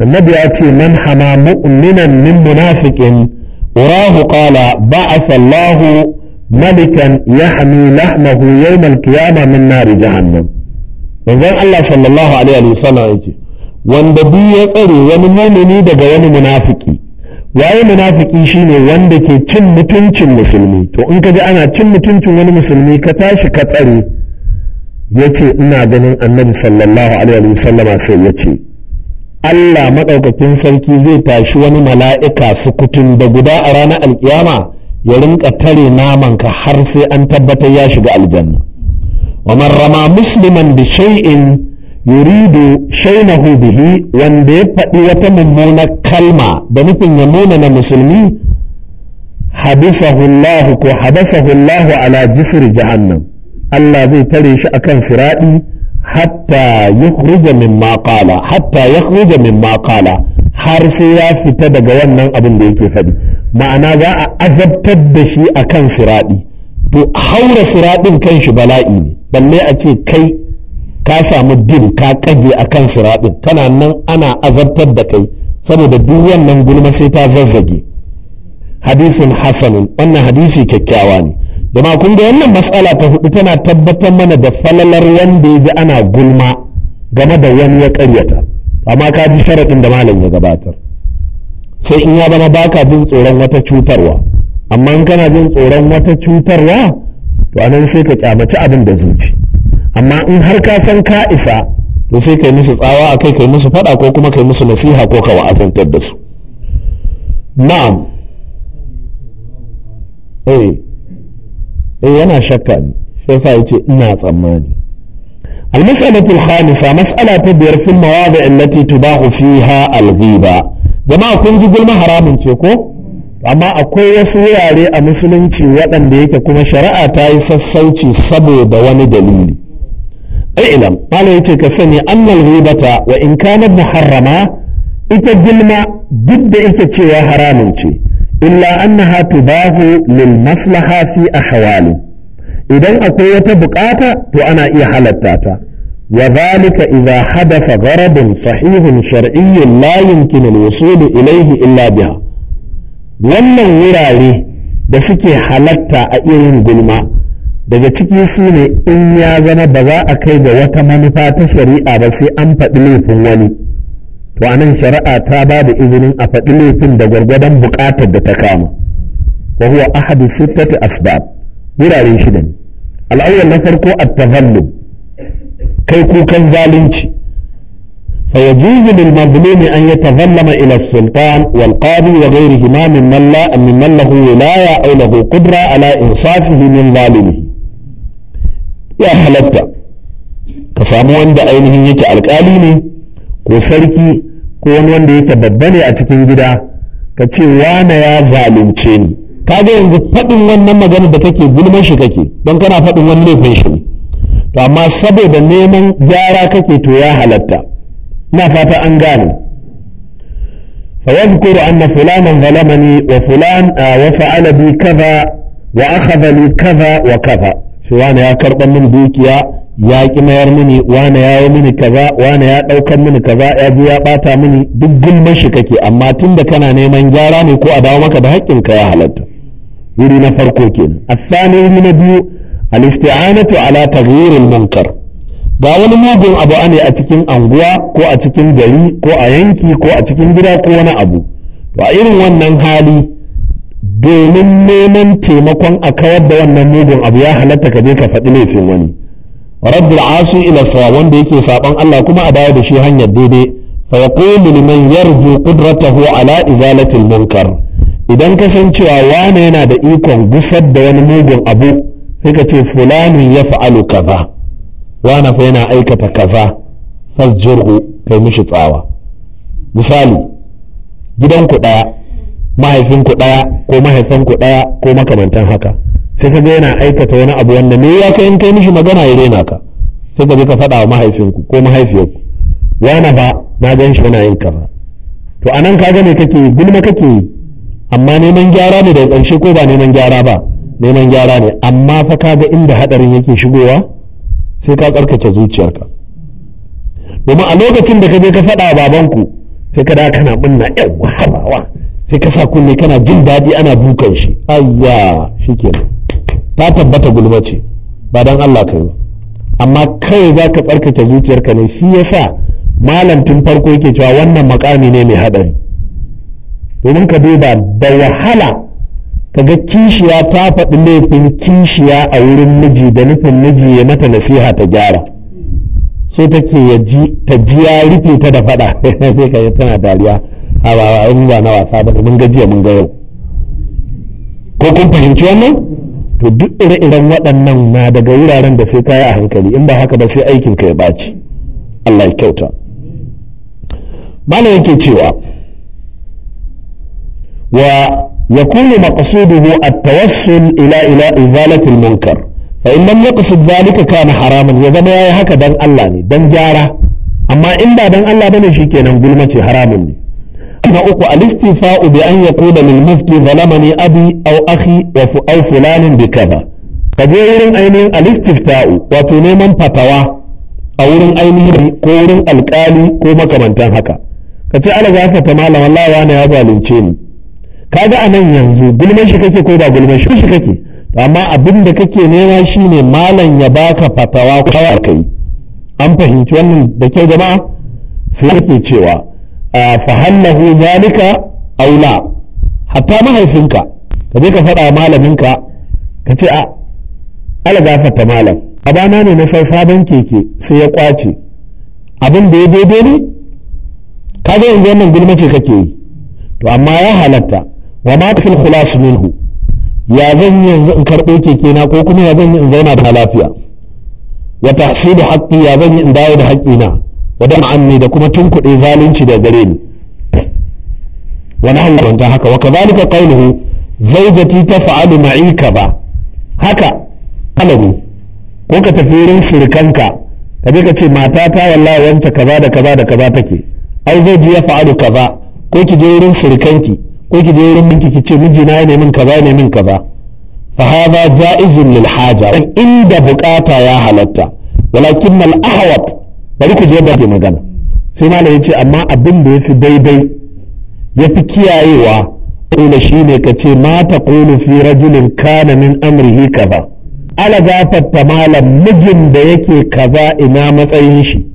S1: النبي أتي من حمى مؤمنا من منافق وراه قال بعث الله ملكا يحمي لحمه يوم القيامة من نار جهنم من الله صلى الله عليه وسلم wanda biyu ya tsare wani mumini daga wani munafiki waye munafiki shine wanda ke cin mutuncin musulmi to in ka ji ana cin mutuncin wani musulmi ka tashi ka tsare yace ina ganin annabi sallallahu alaihi wasallama sai yace Allah maɗaukakin sarki zai tashi wani mala'ika sukutun da guda a ranar alkiyama ya rinka tare namanka har sai an tabbatar ya shiga aljanna wa man rama musliman bi shay'in yuridu shainahu bihi wanda ya faɗi wata mummunar kalma da nufin ya nuna na musulmi habisahu Allah ko habasahu Allah ala jisr jahannam Allah zai tare shi akan siradi hatta yukhrija ma qala hatta yukhrija ma qala har sai ya fita daga wannan abin da yake faɗi ma'ana za a azabtar da shi akan siradi to haura siradin shi bala'i ne balle a ce kai ka samu din ka kage a kan siraɗin kana nan ana azabtar da kai saboda duk wannan gulma sai ta zazzage hadisin hasanun wannan hadisi kyakkyawa ne da kun ga wannan matsala ta hudu tana tabbatar mana da falalar wanda ya ji ana gulma game da wani ya karyata amma ka ji sharaɗin da malam ya gabatar sai in ya zama baka jin tsoron wata cutarwa amma in kana jin tsoron wata cutarwa to anan sai ka kyamaci abin da zuci amma in har ka san ka isa to sai kai musu tsawa a kai kai musu fada ko kuma kai musu nasiha ko ka wa'azantar da su na'am eh eh yana shakka ne sai sai yace ina tsammani المسألة الخامسة مسألة تدير في المواضع التي تباح فيها Jama'a kun ji gulma haramun ce, ko. amma akwai wasu wurare a musulunci waɗanda yake kuma shari'a ta yi sassauci saboda wani dalili ilam malam yace ka sani annal ghibata wa in kanat muharrama ita gilma duk da ita cewa haramun ce illa annaha tubahu lil maslaha fi ahwali idan akwai wata bukata to ana iya halatta ta وذلك إذا حدث غرض sahihun شرعي لا يمكن الوصول ilaihi illa بها wannan wurare da suke halatta a irin gulma daga ciki shine in ya zama ba za a kai ga wata manufa ta shari'a ba sai an faɗi laifin wani to anan shari'a ta ba da izinin a faɗi laifin da gwargwadon buƙatar da ta kama wa huwa ahadu sittati asbab wurare shida ne al'awwal na farko at-tazallum kai kukan zalunci فيجوز للمظلوم أن يتظلم إلى السلطان والقاضي وغيرهما ممن لا ممن له ولاية أو له قدرة على إنصافه من ظالمه ya halatta ka samu wanda ainihin yake alkali ne ko sarki ko wani wanda yake babba ne a cikin gida ka ce wane ya zalunce ni kaga yanzu faɗin wannan magana da kake gulman shi kake don kana faɗin wani laifin shi ne to amma saboda neman gyara kake to ya halatta ina fata an gane فيذكر أن فلانا ظلمني وفلان وفعل بي كذا وأخذ لي كذا وكذا ce wane ya karɓar min dukiya ya ƙi mayar mini wane ya yi mini kaza wane ya ɗaukar mini kaza ya je ya ɓata mini duk gulmar shi kake amma tun da kana neman gyara ne ko a dawo maka da ka ya halatta wuri na farko kenan asani wuri na biyu al-isti'anatu ala taghyiril munkar ga wani mugun abu ne a cikin anguwa ko a cikin gari ko a yanki ko a cikin gida ko wani abu to a irin wannan hali domin neman taimakon a kawar da wannan mugun abu ya halatta ka je ka faɗi laifin wani raddul asu ila sawa wanda yake saban Allah kuma a dawo da shi hanyar daidai fa yaqulu liman yarju qudratahu ala izalatil munkar idan ka san cewa wane yana da ikon gusar da wani mugun abu sai ka ce fulanin ya fa'alu kaza wane fa yana aikata kaza fasjurhu kai mishi tsawa misali gidan kuɗa. mahaifinku ɗaya ko mahaifanku ɗaya ko makamantan haka sai ka ga yana aikata wani abu wanda me ya kai in kai mishi magana ya rena ka sai ka je ka faɗa wa mahaifinku ko mahaifiyarku wani ba na gan shi yana yin kaza to anan ka ga me kake gulma kake amma neman gyara ne da ƙarshe ko ba neman gyara ba neman gyara ne amma fa ka ga inda hadarin yake shigowa sai ka tsarkake zuciyarka domin a lokacin da ka je ka faɗa babanku sai ka da kana binna yawa sai ka sa kunne kana jin daɗi ana dukan shi ayya nan. ta tabbata gulma ce ba don Allah ka yi. amma kai za ka tsarkake zuciyarka ne shi yasa malam tun farko yake cewa wannan makami ne mai haɗari. domin ka duba da wahala ka ga kishiya ta faɗi laifin kishiya a wurin miji da nufin miji ya mata nasiha ta gyara so take ta ji ya rufe ta da faɗa sai ka tana dariya a ba na wasa ba mun gajiya mun ga yau ko kun fahimci wannan to duk ire-iren waɗannan na daga wuraren da sai kaya a hankali in ba haka ba sai aikin ka ya baci Allah ya kyauta bana yake cewa wa yakunu maqsuduhu at-tawassul ila ila izalatil munkar fa in lam yaqsid dhalika kana haraman ya zama yayi haka dan Allah ne dan gyara amma in ba dan Allah bane shikenan gulma ce haramun ne na uku al-istifa'u bi an yaqula lil mufti zalamani abi aw akhi wa aw fulanin bi kaza ka je wurin ainihin al-istifta'u wato neman fatawa a wurin ainihin ko wurin alkali ko makamantan haka ka ce ta gafata malam wallahi ne ya zalunce ni kaga anan yanzu gulman shi kake ko ba gulman shi kake amma abin da kake nema shine malam ya baka fatawa kawai kai an fahimci wannan da kyau jama'a sai yake cewa fa hallahu zalika Aula, hatta mahaifinka ka je ka faɗa malaminka ka ce a ala malam abana ne na san sabon keke sai ya kwace abin da ya daidai ne ka ga yanzu wannan gulma ce kake yi to amma ya halatta wa ma fil khulas minhu ya zan yi yanzu in karɓo keke na ko kuma ya zan yi in zauna ta lafiya wa tahsilu haqqi ya zan yi in dawo da haƙƙi na wa dama da kuma tunkuɗe zalunci da gare ni wani hanyar ta haka wa kazalika qawluhu ta taf'alu ma'ika ba haka alamu ko ka tafi wurin surukanka ka je ka ce mata matata wallahi wanta kaza da kaza da kaza take ai zai ji ya fa'alu kaza ko ki je wurin surukanki ko ki je wurin minki ki ce mijina ne min kaza ne min kaza fa hadha jaizun lil haja inda bukata ya halatta walakin al ahwat bari ku je da ke magana sai malam ya ce amma abin da ya daidai ya fi kiyayewa kuma shine ne ka ce ma ta qulu fi rajulin kana min amrihi kaza ala malam mijin da yake kaza ina matsayin shi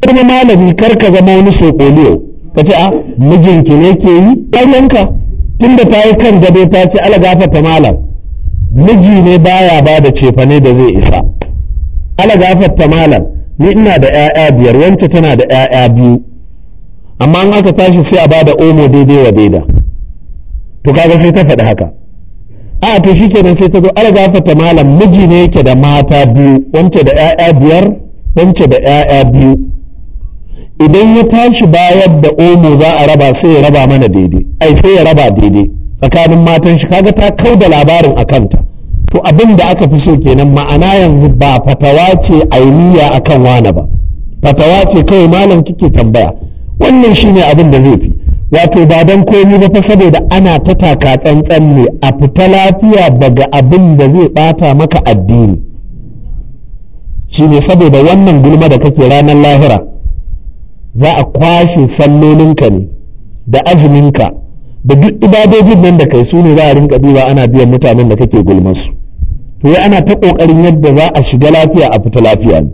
S1: kuma malami kar ka zama wani sokoliyo ka ce a mijinki ne ke yi ɗanyanka tunda ta yi kan gado ta ce ala gafarta malam miji ne baya ba da cefane da zai isa ala ta malam ni ina da ‘ya'ya biyar wancan tana da ‘ya'ya biyu amma an aka tashi sai a ba da omo daidai wa daida to kaga sai ta faɗi haka a to shi kenan sai ta zo ala gafata malam miji ne yake da mata biyu wancan da ‘ya'ya biyar wancan da ‘ya'ya biyu idan ya tashi bayar da omo za a raba sai ya raba mana daidai ai sai ya raba daidai tsakanin matan shi kaga ta kau da labarin a kanta to abin da aka fi so kenan ma'ana yanzu ba fatawa ce ainiya kan wane ba fatawa ce kawai malam kike tambaya wannan shine abin da zai fi wato ba don komi ba fa saboda ana ta taka tsantsan ne a fita lafiya daga abin da zai bata maka addini shi ne saboda wannan gulma da kake ranar lahira za a kwashe sallolinka ne da azuminka da duk ibadojin nan da kai su ne za a rinka biwa ana biyan mutanen da kake gulmansu to ya ana ta ƙoƙarin yadda za a shiga lafiya a fita lafiya ne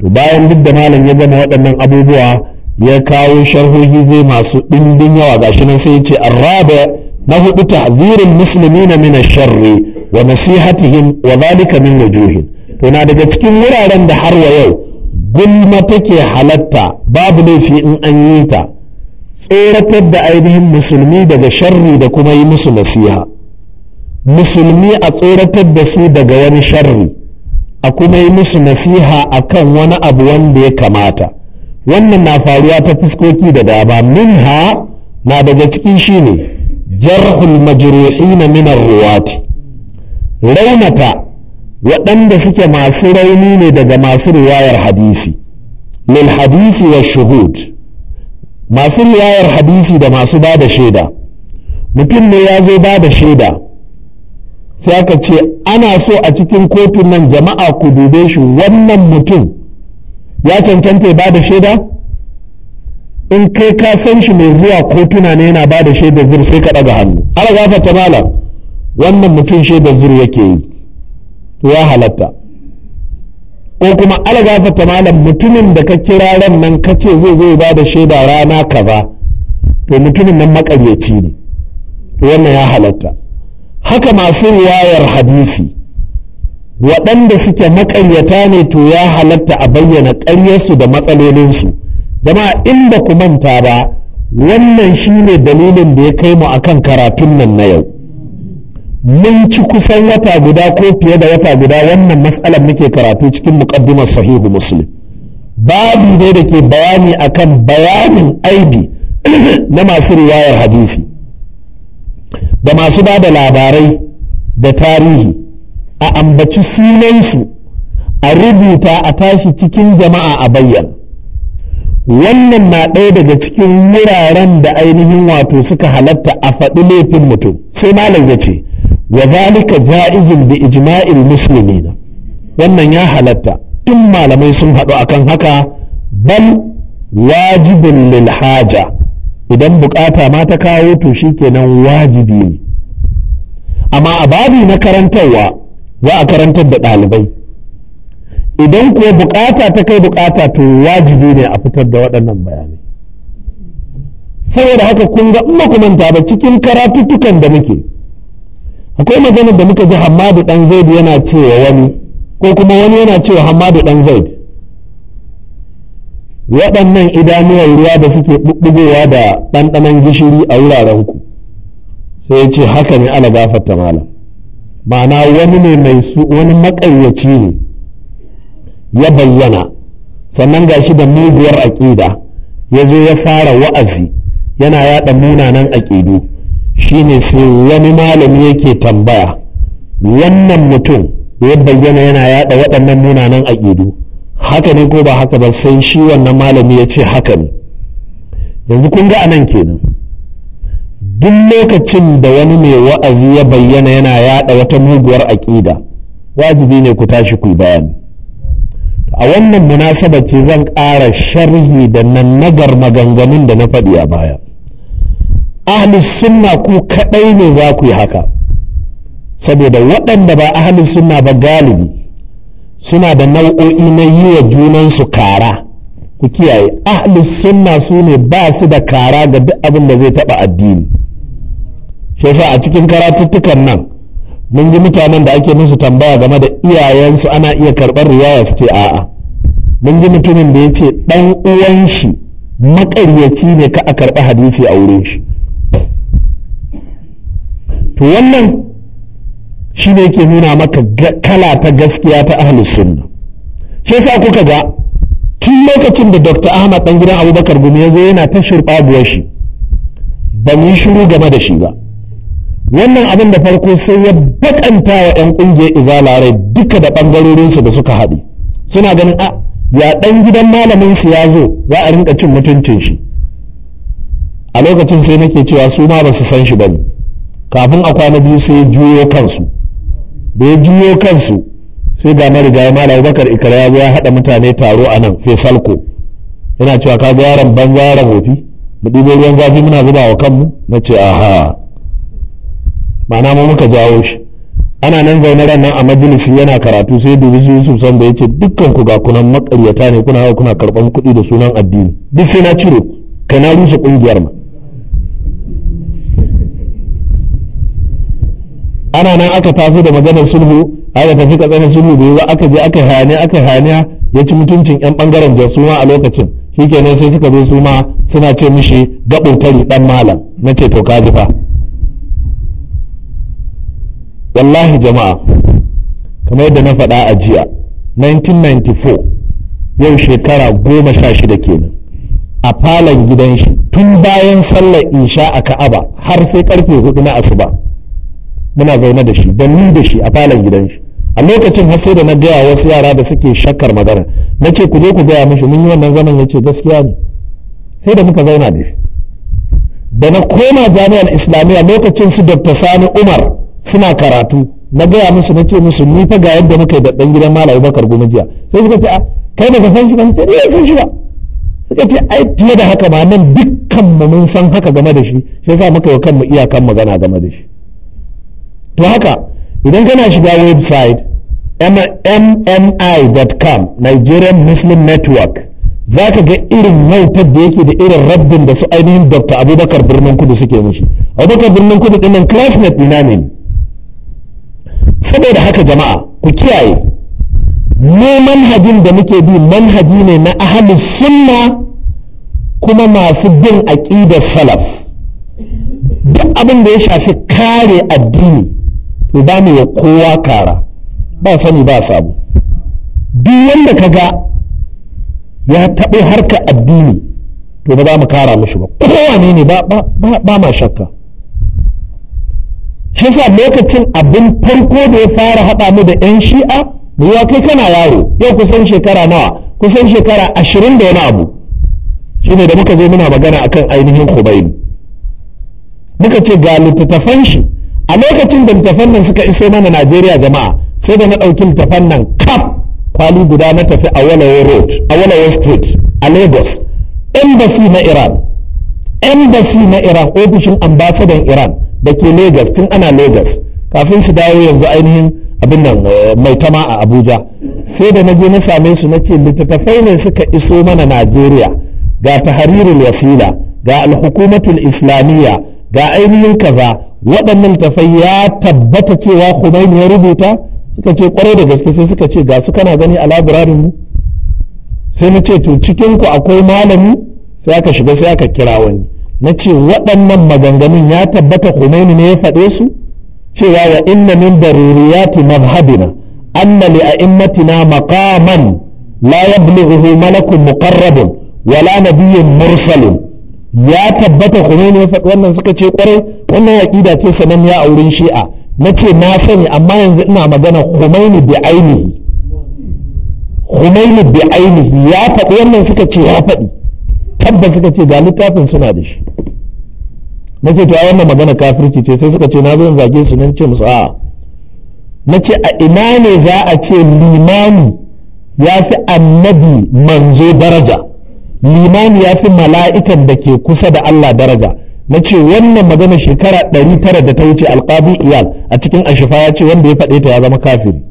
S1: to bayan duk da malam ya gama waɗannan abubuwa ya kawo sharhohi zai masu ɗimbin yawa gashi nan sai ya ce arraba na hudu tahzirin muslimina min sharri wa nasihatihim wa zalika min wujuhin to na daga cikin wuraren da har wa yau gulma take halatta babu laifi in an yi ta tseratar da ainihin musulmi daga sharri da kuma yi musu nasiha musulmi a tsoratar da su daga wani sharri a kuma yi musu nasiha a kan wani abu wanda ya kamata wannan na faruwa ta fuskoki da dama minha na daga cikin shine jarhul majruhin min ruwati raunata waɗanda suke masu rauni ne daga masu riwayar hadisi lil hadisi wa shuhud masu riwayar hadisi da masu ba da shaida mutum ne ya zo ba da shaida sai aka ce ana so a cikin kotun nan jama'a ku dube shi wannan mutum ya cancanta ya bada shaida in kai ka san shi mai zuwa kotuna ne yana bada shaida zur sai ka daga hannu ala gafarta mala wannan mutum shaida zur yake yi ya halatta ko kuma ala malam mutumin da ka kira ran nan ka ce zai zo ya bada shaida rana kaza to mutumin nan makaryaci ne to wannan ya halatta haka masu riwayar hadisi waɗanda suke maƙaryata ne to ya halatta a bayyana ƙaryarsu da matsalolinsu jama'a in ba ku manta ba wannan shi ne dalilin da ya kai mu akan karatun nan na yau mun ci kusan wata guda ko fiye da wata guda wannan matsalar muke karatu cikin muƙaddimar sahihu muslim babu ne da ke bayani akan bayanin aibi na masu riwayar hadisi da masu ba da labarai da tarihi a ambaci sunansu a rubuta a tashi cikin jama'a a bayyana wannan na ɗaya daga cikin wuraren da ainihin wato suka halatta a faɗi laifin mutum sai malam ya ce wa zalika ja'izun bi ijma'il muslimina wannan ya halatta tun malamai sun haɗu akan haka bal wajibin lil haja idan bukata ma ta kawo to shi kenan wajibi ne amma a babi na karantarwa za a karantar da ɗalibai idan kuwa bukata ta kai bukata to wajibi ne a fitar da waɗannan bayanai saboda haka kun ga in manta ba cikin karatuttukan da muke akwai maganar da muka ji hamadu ɗan zaidu yana cewa wani ko kuma wani yana cewa hamadu ɗan zaidu. waɗannan idanuwan ruwa da suke ɓuɓɓugowa da ɗanɗanon gishiri a wuraren ku sai ya ce haka ne ala gafarta malam ma'ana wani ne mai su wani makayyaci ne ya bayyana sannan ga shi da muguwar aƙida ya zo ya fara wa'azi yana yaɗa munanan aƙidu shine sai wani malami yake tambaya wannan mutum ya bayyana yana yaɗa waɗannan munanan aƙidu haka ne ko ba haka ba sai shi wannan malami ya ce haka ne yanzu kun ga anan kenan duk lokacin da wani mai wa'azi ya bayyana yana yada wata muguwar aƙida wajibi ne ku tashi ku bayani a wannan munasaba ce zan ƙara sharhi da nan nagar maganganun da na faɗi a baya ahlus sunna ku kaɗai ne za ku yi haka saboda waɗanda ba ahlus sunna ba galibi suna da nau'o'i na yi wa junansu kara ku kiyaye ahli sunna su ne ba su da kara ga duk abin da zai taba addini shi yasa a cikin karatuttukan nan mun ji mutanen da ake musu tambaya game da iyayensu ana iya karɓar riwaya su ce a'a mun ji mutumin da ya ce ɗan uwan shi maƙaryaci ne ka a karɓi hadisi a wurin shi to wannan shi ne yake nuna maka kala ta gaskiya ta ahlus sunna shi yasa kuka ga tun lokacin da dr ahmad dan gidan abubakar gumi ya zo yana ta shirɓabuwar shi ba mu yi shiru game da shi ba wannan abin da farko sai ya bakanta wa 'yan ƙungiyar Iza Larai duka da ɓangarorinsu da suka haɗu suna ganin a ah, ya ɗan gidan malamin su ya zo za a rinka cin mutuncin shi a lokacin sai nake cewa su ma ba su san shi ba ne kafin a kwana biyu sai juyo kansu da ya juyo kansu sai ga ya mala bakar ikara ya zo ya haɗa mutane taro a nan fesalko yana cewa ka yaron banza yaron hofi mu ɗibo ruwan zafi muna zuba wa kanmu na ce aha ma'ana mu muka jawo shi ana nan zaune ran nan a majalisi yana karatu sai dubi su Yusuf san da ce dukkan ku ga kunan makaryata ne kuna hawa kuna karban kuɗi da sunan addini duk sai na ciro kai na rusa ƙungiyar ma ana nan aka taso da maganar sulhu aka tafi ka tsanin sulhu da yi aka je aka hayaniya aka hayaniya ya ci mutuncin yan bangaren su ma a lokacin shikenan sai suka zo ma suna ce mishi gaɓin kari dan malam na ce to ka fa wallahi jama'a kamar yadda na faɗa a jiya 1994 yau shekara goma sha shida kenan a falon gidan shi tun bayan sallar isha a ka'aba har sai karfe hudu na asuba muna zaune da shi don ni da shi a falon gidan shi a lokacin har sai da na gaya wasu yara da suke shakkar magana na ce ku je ku gaya mishi mun yi wannan zaman ya ce gaskiya ne sai da muka zauna da shi da na koma jami'an islamiyya lokacin su dr sani umar suna karatu na gaya musu na ce musu ni fa ga yadda muka yi da dan gidan malam bakar goma jiya sai suka ce a ah, kai ba ka san shi ba ce ni eh, san shi ba suka ce ai fiye da haka ma nan dukkan mu mun san haka game da shi shi sa muka yi kanmu iyakan magana game da shi to haka idan kana shiga website mmi.com Nigerian Muslim Network za ka ga irin wautar da yake da irin rabbin da su ainihin Dr. Abubakar Birnin Kudu suke mishi. Abubakar Birnin Kudu din nan classmate ina ne. Saboda haka jama'a ku kiyaye mu manhajin da muke bi manhaji ne na ahlus sunna kuma masu bin aqidar salaf. Duk abin da ya shafi kare addini ba ne ya kowa kara ba sani ba sabu duk wanda ka ga ya taɓa harka addini to ba za mu kara mashi ba kowa ne ba ma shakka shi sa lokacin abin farko da ya fara haɗa mu da 'yan shi'a mu ya kai kana yaro yau kusan shekara nawa kusan shekara ashirin da wani abu shine da muka zo muna magana akan ainihin Khubayb muka ce ga littattafan shi a lokacin da littafan nan suka iso mana Najeriya jama'a sai da na ɗauki littafan nan kaf kwali guda na tafi a Walawa Road a Walawa Street a Lagos embassy na Iran embassy na Iran ofishin ambasadan Iran da ke Lagos tun ana Lagos kafin su dawo yanzu ainihin abin nan eh, mai tama a Abuja sai da na je na same su na ce littattafai ne suka iso mana Najeriya ga tahrirul wasila ga al-hukumatul islamiyya ga ainihin kaza waɗannan tafai ya tabbata cewa Khomeini ya rubuta suka ce kwarai da gaske sai suka ce ga su kana gani a labirarin mu sai na ce to cikin ku akwai malami sai aka shiga sai aka kira wani na ce waɗannan maganganun ya tabbata Khomeini ne ya faɗe su cewa wa inna min daruriyati madhhabina anna li a'immatina maqaman la yablughuhu malakun muqarrabun wala nabiyyun mursalun ya tabbata kuma ya faɗi wannan suka ce kwarai wannan aqida ce sanan ya wurin Shi'a nace na sani amma yanzu ina magana kumaini bi ainihi Khomeini bi ainihi ya faɗi wannan suka ce ya faɗi tabbas suka ce ga littafin suna da shi ce to a wannan magana kafirci ce sai suka ce na zo in zage su nan ce musu a'a na ce a ina ne za a ce limami ya fi annabi manzo daraja limami ya fi mala'ikan da ke kusa da Allah daraja na ce wannan magana shekara ɗari tara da ta wuce alƙabi iyal a cikin ashifa ya ce wanda ya faɗe ta ya zama kafiri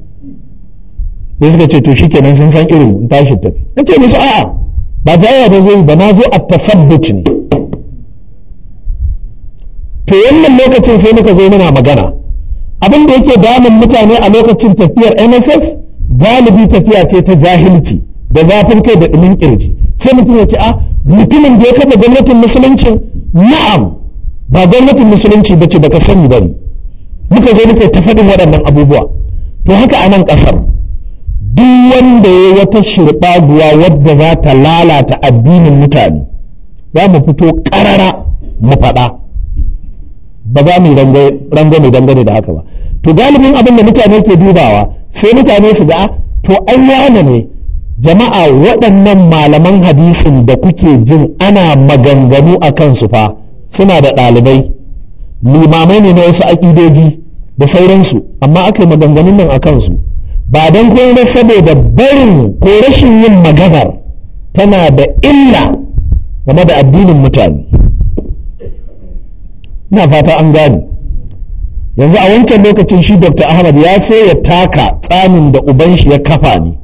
S1: sai suka ce to shi nan sun san irin tashi tafi na ce musu a'a ba jayya ba zai ba na zo a tasabbut ne to wannan lokacin sai muka zo muna magana abin da yake damun mutane a lokacin tafiyar nss galibi tafiya ce ta jahilci da zafin kai da ɗumin kirji sai mutum ya ce a ah, mutumin da ya kafa gwamnatin musulunci na'am ba gwamnatin musulunci ba ce baka sani ba ne muka zo muka ta faɗin waɗannan abubuwa to haka a nan ƙasar duk wanda ya yi wata shirɓaguwa wadda za ta lalata addinin mutane za mu fito ƙarara mu faɗa ba za mu rangwame dangane da haka ba to galibin abin da mutane ke dubawa sai mutane su ga ah, to an yana ne jama'a waɗannan malaman hadisin da kuke jin ana maganganu a kansu fa suna da ɗalibai limamai ne na wasu aƙidoji da sauransu amma aka yi maganganun nan a kansu ba don kuma saboda barin ko rashin yin maganar tana da illa game da addinin mutane na fata an gane yanzu a wancan lokacin shi dr ahmad ya so ya taka tsamin da uban shi ya kafa ne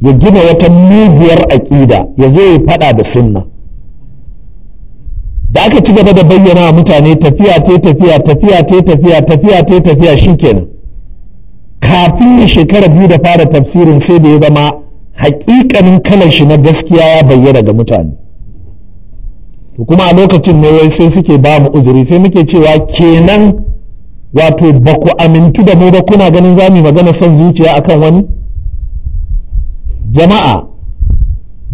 S1: ya gina wata mugiyar aƙida ya zo ya faɗa da sunna da aka ci gaba da bayyana wa mutane tafiya te tafiya tafiya te tafiya tafiya te tafiya shikenan kafin ya shekara biyu da fara tafsirin sai da ya zama haƙiƙanin kalar shi na gaskiya ya bayyana ga mutane to kuma a lokacin ne wai sai suke ba mu uzuri sai muke cewa kenan wato ba ku amintu da mu ba kuna ganin za mu magana son zuciya akan wani jama'a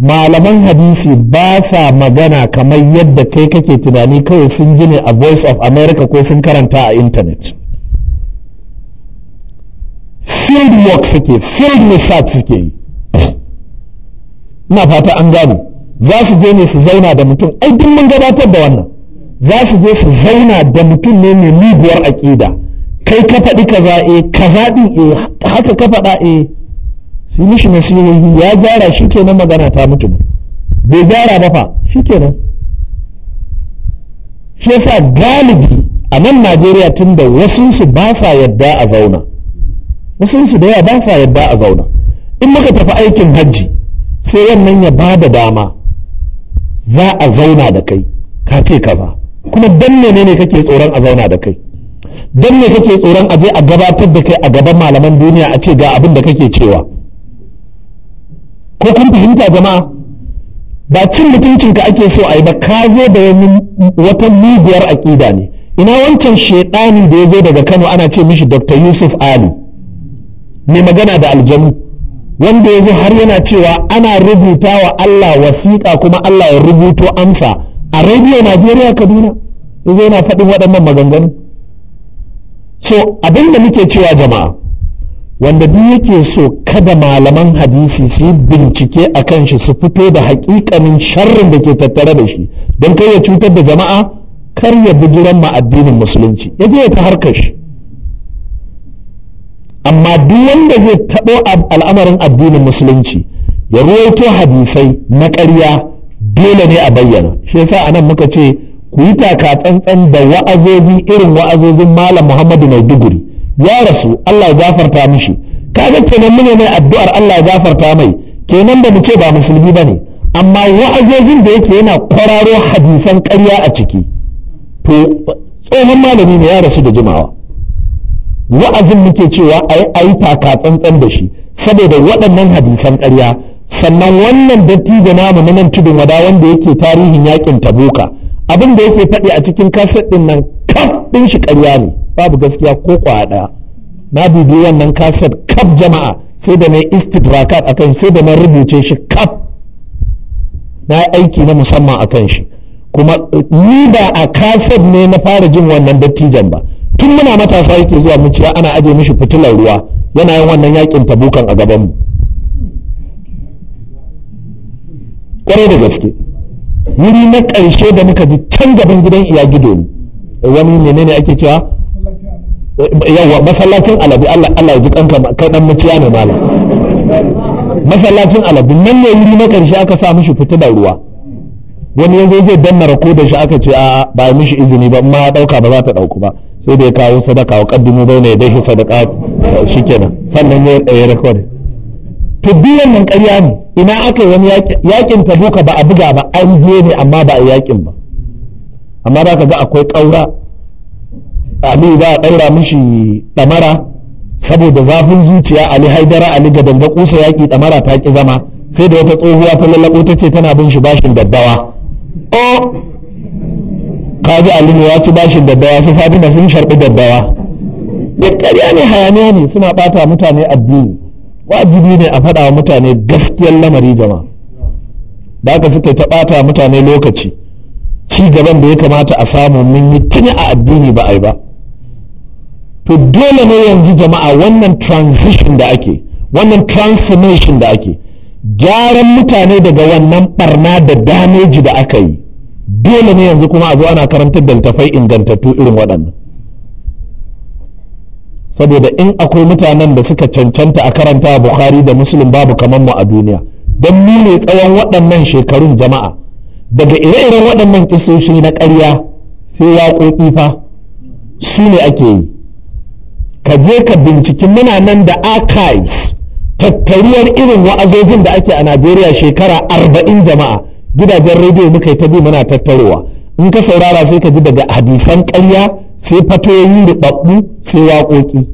S1: malaman hadisi ba sa magana kamar yadda kai kake tunani kawai sun gine a voice of america ko sun karanta a intanet field work suke field research suke yi ina fata an gano za su je ne su zauna da mutum ai duk mun gabatar da wannan za su je su zauna da mutum ne mai muguwar aƙida kai ka faɗi kaza e kaza e haka ka faɗa e su mishi nasihohi ya gyara shi kenan magana ta mutu bai gyara ba fa shi kenan shi yasa galibi a nan najeriya tun da wasunsu ba sa yadda a zauna wasunsu da yawa ba sa yadda a zauna in muka tafi aikin hajji sai wannan ya ba da dama za a zauna da kai ka ce kaza kuma dan mene ne kake tsoron a zauna da kai dan ne kake tsoron a je a gabatar da kai a gaban malaman duniya a ce ga abin da kake cewa ko kun fahimta jama'a ba cin mutuncin ka ake so a yi ba ka zo da wata mugiyar aƙida ne ina wancan shaidani da ya zo daga Kano ana ce mishi Dr. Yusuf Ali mai magana da aljanu wanda ya zo har yana cewa ana rubuta wa Allah wasiƙa kuma Allah ya rubuto amsa a rediyo Najeriya Kaduna ya zo yana faɗin waɗannan maganganu so abin da muke cewa jama'a wanda duk yake so kada malaman hadisi su bincike a kan shi su fito da hakikanin sharrin da ke tattare da shi don kai ya cutar da jama'a kar ya bijiran ma addinin musulunci ya je ta harkar shi amma duk wanda zai taɓo al'amarin addinin musulunci ya ruwaito hadisai na ƙarya dole ne a bayyana shi yasa anan muka ce ku yi taka tsantsan da wa'azozi irin wa'azozin malam muhammadu maiduguri ya rasu Allah ya gafarta mishi kaga kenan mune mai addu'ar Allah ya gafarta mai kenan da mu ce ba musulmi bane amma wa'azozin da yake yana kwararo hadisan ƙarya a ciki to tsohon malami ne ya rasu da jimawa wa'azin muke cewa ai yi taka tsantsan da shi saboda waɗannan hadisan ƙarya sannan wannan dattijo namu na nan tudun wada wanda yake tarihin yakin tabuka abin da yake faɗi a cikin kaset ɗin nan kaf ɗin shi ƙarya ne babu gaskiya ko kwa ɗaya na dubi wannan kasar kaf jama'a sai da na istidrakat akan sai da na rubuce shi kaf na aiki na musamman akan shi kuma eh, ni ba a kasar ne na fara jin wannan dattijan ba tun muna matasa yake zuwa mu ciya ana aje mishi fitilar ruwa yana yin wannan yakin tabukan a gaban mu kwarai da gaske wuri na ƙarshe da muka ji can gaban gidan iya gido eh, wani menene ake cewa yawwa masallacin alabi Allah Allah ya ji kanka kai dan mutiya ne malam masallacin alabi nan ne wuri na karshe aka sa mishi da ruwa wani yanzu zai danna rako da shi aka ce a ba mishi izini ba ma dauka ba za ta dauku ba sai da ya kawo sadaka wa kaddumu bai ne dai sadaka shikenan sannan ya record to biyan nan ƙarya ne ina aka wani yakin tabuka ba a buga ba an je ne amma ba a yakin ba amma da ka ga akwai ƙaura Ali za a ɗaura mishi ɗamara saboda zafin zuciya Ali Haidara Ali ga danga kusa yaƙi ɗamara ta ƙi zama sai da wata tsohuwa ta lallaɓo ta ce tana bin shi bashin daddawa. O kaji Ali ne ya ci bashin daddawa su fadina sun sharɓi daddawa. Ya ƙarya ne hayaniya ne suna ɓata mutane addini. Wajibi ne a faɗa wa mutane gaskiyar lamari jama. Da haka suka ta ɓata mutane lokaci. Ci gaban da ya kamata a samu mun yi tuni a addini ba a yi ba. to dole ne yanzu jama'a wannan transition da ake wannan transformation da ake gyaran mutane daga wannan barna da dameji da aka yi dole ne yanzu kuma a zo ana karantar da littafai ingantattu irin waɗannan saboda in akwai mutanen da suka cancanta a karanta bukhari da muslim babu kamar mu a duniya don mu ne tsawon waɗannan shekarun jama'a daga ire-iren waɗannan kisoshi na ƙarya sai waƙoƙi fa su ne ake yi ka je ka binciki muna nan da archives tattariyar irin wa'azozin da ake a Najeriya shekara arba'in jama'a gidajen rediyo muka yi ta bi muna tattarowa in ka saurara sai ka ji daga hadisan ƙarya sai fatoyi rubabbu sai waƙoƙi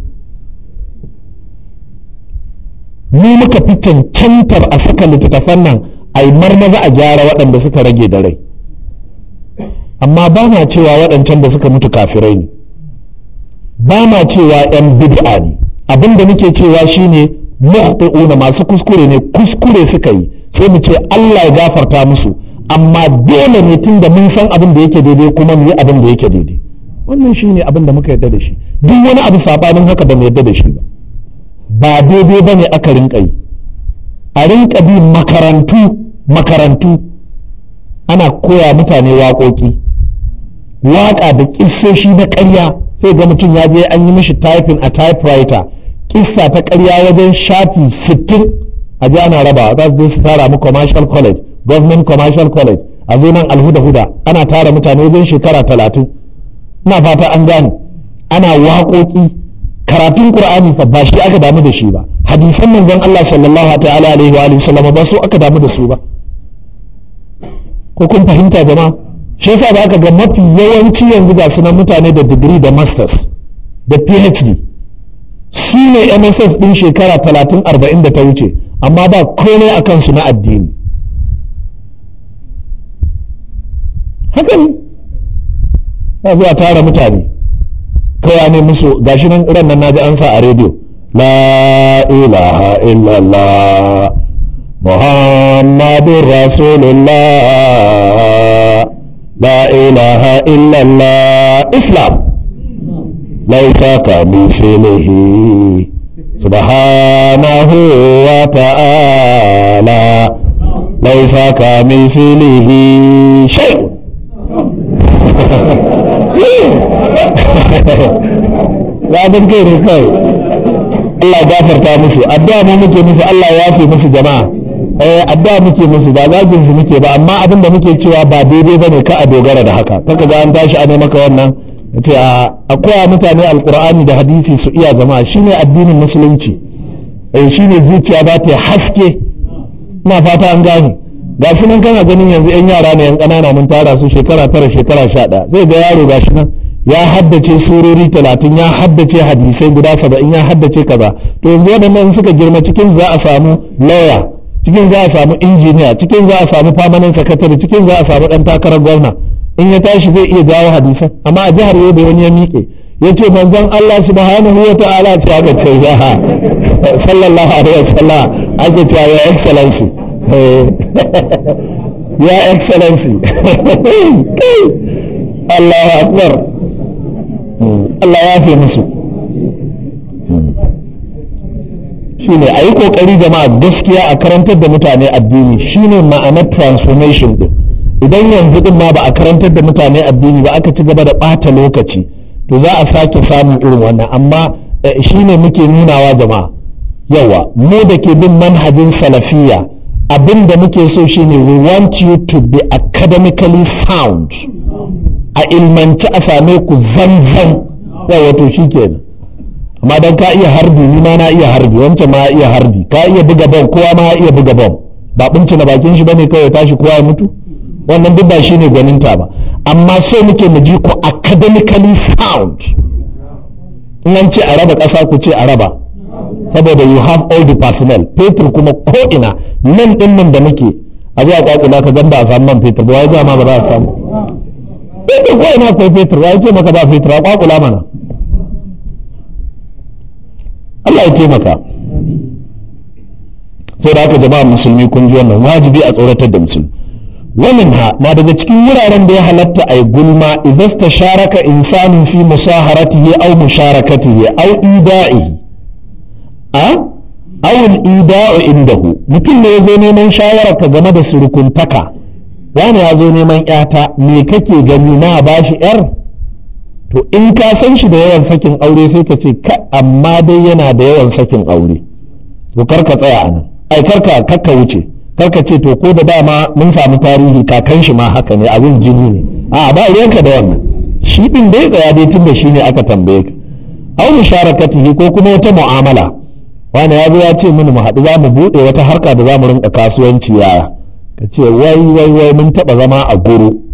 S1: Ni muka fi cancantar a saka littattafan nan a yi marmaza a gyara waɗanda suka rage da rai amma ba na cewa waɗancan da suka mutu kafirai ne ba ma cewa yan bid'a ne abin da muke cewa shine muhti'una masu kuskure ne kuskure suka yi sai mu ce Allah ya gafarta musu amma dole ne tun da mun san abin da yake daidai kuma mu yi abin da yake daidai wannan shine abin da muka yarda da shi duk wani abu sabanin haka da mu yarda da shi ba ba daidai bane aka rinka yi a rinƙa bi makarantu makarantu ana koya mutane waƙoƙi waƙa da ƙissoshi na ƙarya sai ga mutum ya je an yi mishi typing a typewriter kissa ta karya wajen shafi sittin a jana raba, a za su je su tara mu commercial college government commercial college a zo alhuda huda ana tara mutane wajen shekara talatin ina fata an gane ana waƙoƙi karatun qur'ani fa ba shi aka damu da shi ba hadisan manzon Allah sallallahu ta'ala alaihi wa alihi ba su aka damu da su ba ko kun fahimta jama'a shi yasa ba aka ga mafi yawanci yanzu ga sunan mutane da digiri da masters da phd su ne mss din shekara talatin arba'in da ta wuce amma ba komai a kansu na addini hakan ya zuwa tara mutane kawai ne musu gashi nan ran nan naji an sa a rediyo la ilaha illallah muhammadur rasulullah لا إله إلا الله إسلام ليس كمثله سبحانه وتعالى ليس كمثله شيء لا تنكر الخير Allah gafarta musu addu'a mu muke musu Allah ya fi musu jama'a a eh, addu'a muke musu ba zagin su muke ba amma abin da muke cewa ba daidai bane ka a dogara da haka kaka ga an tashi a maka wannan ce a koya mutane alqur'ani da hadisi su iya zama shine addinin musulunci eh, shi shine zuciya ba ta haske ina fata an gane ga shi nan kana ganin yanzu yan yara ne yan kanana mun tara su shekara tara shekara sha ɗaya zai ga yaro ga shi nan ya haddace surori talatin ya haddace hadisai guda saba'in ya haddace kaza to yanzu waɗannan suka girma cikin za a samu lawyer cikin za a samu injiniya cikin za a samu famanin sakatare cikin za a samu dan takarar gwamna in ya tashi zai iya jawo hadisan amma a jihar da wani ya miƙe ya ce manzon Allah subhanahu wa ta'ala ce aka ce ya sallallahu alaihi wa sallam aka ce ya excellency eh, ya excellency Allah akbar hmm, Allah ya fi musu shine a yi kokari jama'a gaskiya a karantar da mutane addini shine ma'anar transformation din idan yanzu din ma ba a karantar da mutane addini ba aka ci gaba da ɓata lokaci to za a sake samun irin wannan amma eh, shine muke nunawa jama'a yawa mu da ke bin manhajin salafiya abin da muke so shine we want you to be academically sound a ilmanci a same ku zanzan yawa to shikenan amma dan ka iya harbi ni ma na iya harbi wancan ma iya harbi ka iya buga bom kowa ma iya buga bom ba bunci na bakin shi bane kawai tashi kowa ya mutu wannan duk ba shine gwaninta ba amma sai muke mu ji ku academically sound in an ce a raba ƙasa ku ce a raba saboda you have all the personnel fetur kuma ko ina nan din nan da muke a zuwa kwakula ka ganda a samu man fetur ba wai ma ba za a samu fetur ko ina akwai fetur wai ce maka ba fetur a kwakula mana Allah ya taimaka sai da haka jama'a musulmi kun ji wannan wajibi a tsoratar da musulmi wamin ha na daga cikin wuraren da ya halatta a gulma idan ta sharaka insanin fi musaharatihi au musharakatihi au ida'i a awul ida'u indahu mutum ne ya zo neman shawararka game da surukuntaka wani ya zo neman yata me kake gani na bashi yar to in ka san shi da yawan sakin aure sai ka ce ka amma dai yana da yawan sakin aure to kar ka tsaya anan ai kar ka wuce kar ka ce to ko da dama mun samu tarihi kakan shi ma haka ne abin jini ne a ba ruwanka da wannan shi din dai tsaya dai tunda shi ne aka tambaye ka au musharakatihi ko kuma wata mu'amala wani ya zo ya ce mini mu haɗu za mu buɗe wata harka da za mu rinka kasuwanci yaya ka ce wai wai wai mun taɓa zama a goro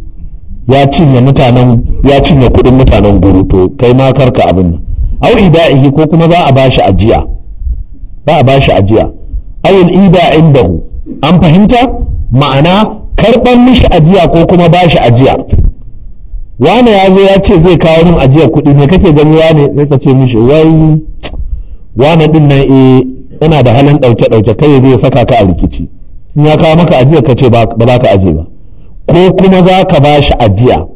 S1: ya cinye mutanen ya cinye kudin mutanen guru to kai ma karka abin nan au ibaihi ko kuma za a bashi ajiya ba a bashi ajiya ayul ida indahu an fahimta ma'ana karban mishi ajiya ko kuma bashi ajiya Wani ya zo ya ce zai kawo min ajiyar kuɗi ne kake gani wani sai ka ce mishi wai wani din nan eh yana da halin ɗauke ɗauke kai zai saka ka a rikici in ya kawo maka ajiyar ka ce ba za ka aje ba ko kuma za ka ba shi ajiya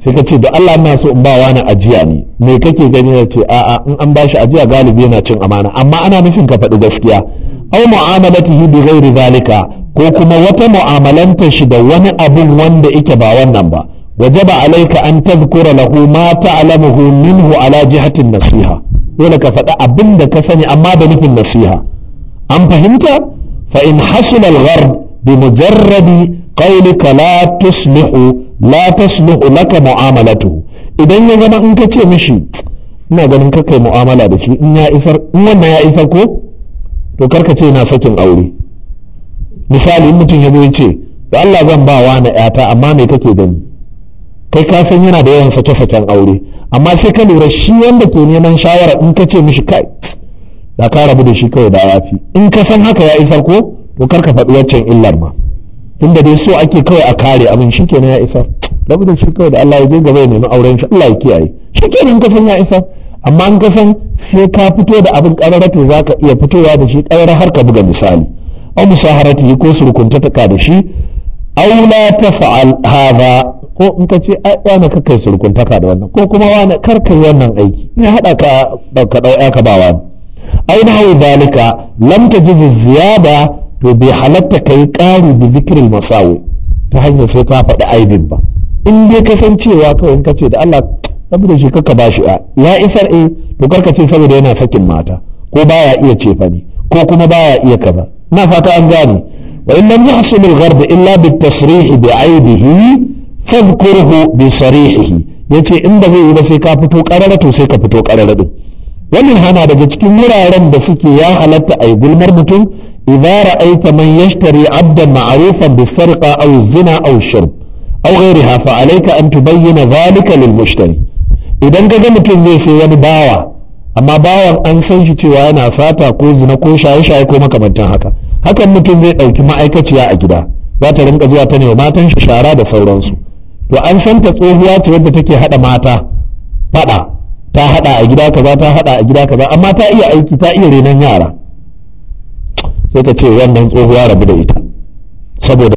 S1: sai ka ce da Allah na so in ba wani ajiya ne me kake gani ya ce a'a in an ba shi ajiya galibi yana cin amana amma ana nufin ka faɗi gaskiya aw mu'amalatihi bi ghairi zalika ko kuma wata mu'amalanta shi da wani abun wanda yake ba wannan ba wajaba alaika an tadhkura lahu ma ta'lamuhu minhu ala jihatin nasiha dole ka faɗi abin da ka sani amma da nufin nasiha an fahimta fa in hasula al-gharb bi mujarradi qaulika la tuslihu la tuslihu laka mu'amalatu idan ya zama in ka ce mishi ina ganin ka kai mu'amala da shi in ya isar in wannan ya isar ko to karka ce na sakin aure misali in mutum ya zo ya ce da Allah zan ba wa na yata amma me kake gani kai ka san yana da yawan sake-saken aure amma sai ka lura shi wanda ke neman shawara in ka ce mishi kai da ka rabu da shi kawai da yafi in ka san haka ya isar ko to kar ka faɗi waccan illar ma tunda dai so ake kawai a kare abin kenan ya isa labuda shi kawai da Allah ya je gaba ya nemi auren shi Allah ya kiyaye ka kasan ya isa amma ka kasan sai ka fito da abin karara to zaka iya fitowa da shi karara har ka buga misali aw musaharati ko surkunta ta da shi aw la taf'al hadha ko in ka ce ai wani ka kai surkunta ka da wannan ko kuma wani kar kai wannan aiki ne hada ka ka dauka ka ba wani aina nahu dalika lam tajiz ziyada to bai halatta ka yi ƙari da zikirin masawo ta hanyar sai ka faɗi aibin ba in dai ka san cewa kawai ka ce da Allah saboda shi kaka ba shi a ya isar in? Eh, to karka ce saboda yana sakin mata ko baya iya cefane ko kuma baya iya kaza na fata an gane wa in lam yahsul al-gharb illa bi tasrih bi aibihi fadhkurhu bi sarihihi yace in ba zai yi ba sai ka fito karara to sai ka fito karara din wannan hana daga cikin wuraren da suke ya halatta ai gulmar mutum إذا رأيت من يشتري عبدا معروفا بالسرقة أو الزنا أو الشرب أو غيرها فعليك أن تبين ذلك للمشتري إذا كذا مثل زي سيوان باوة أما باوة أن سنشتي وأنا ساتا كو زنا كو شاي شاي كو مكمنتان هكا هكا مثل زي أو كما أيكتيا أجدا za ta rinka zuwa ta nema matan shara da sauransu to an san ta tsohuwa ce wadda take hada mata fada ta hada a gida kaza ta hada a gida kaza amma ta iya aiki ta iya renon yara sai ka ce wannan tsohuwa rabu da ita saboda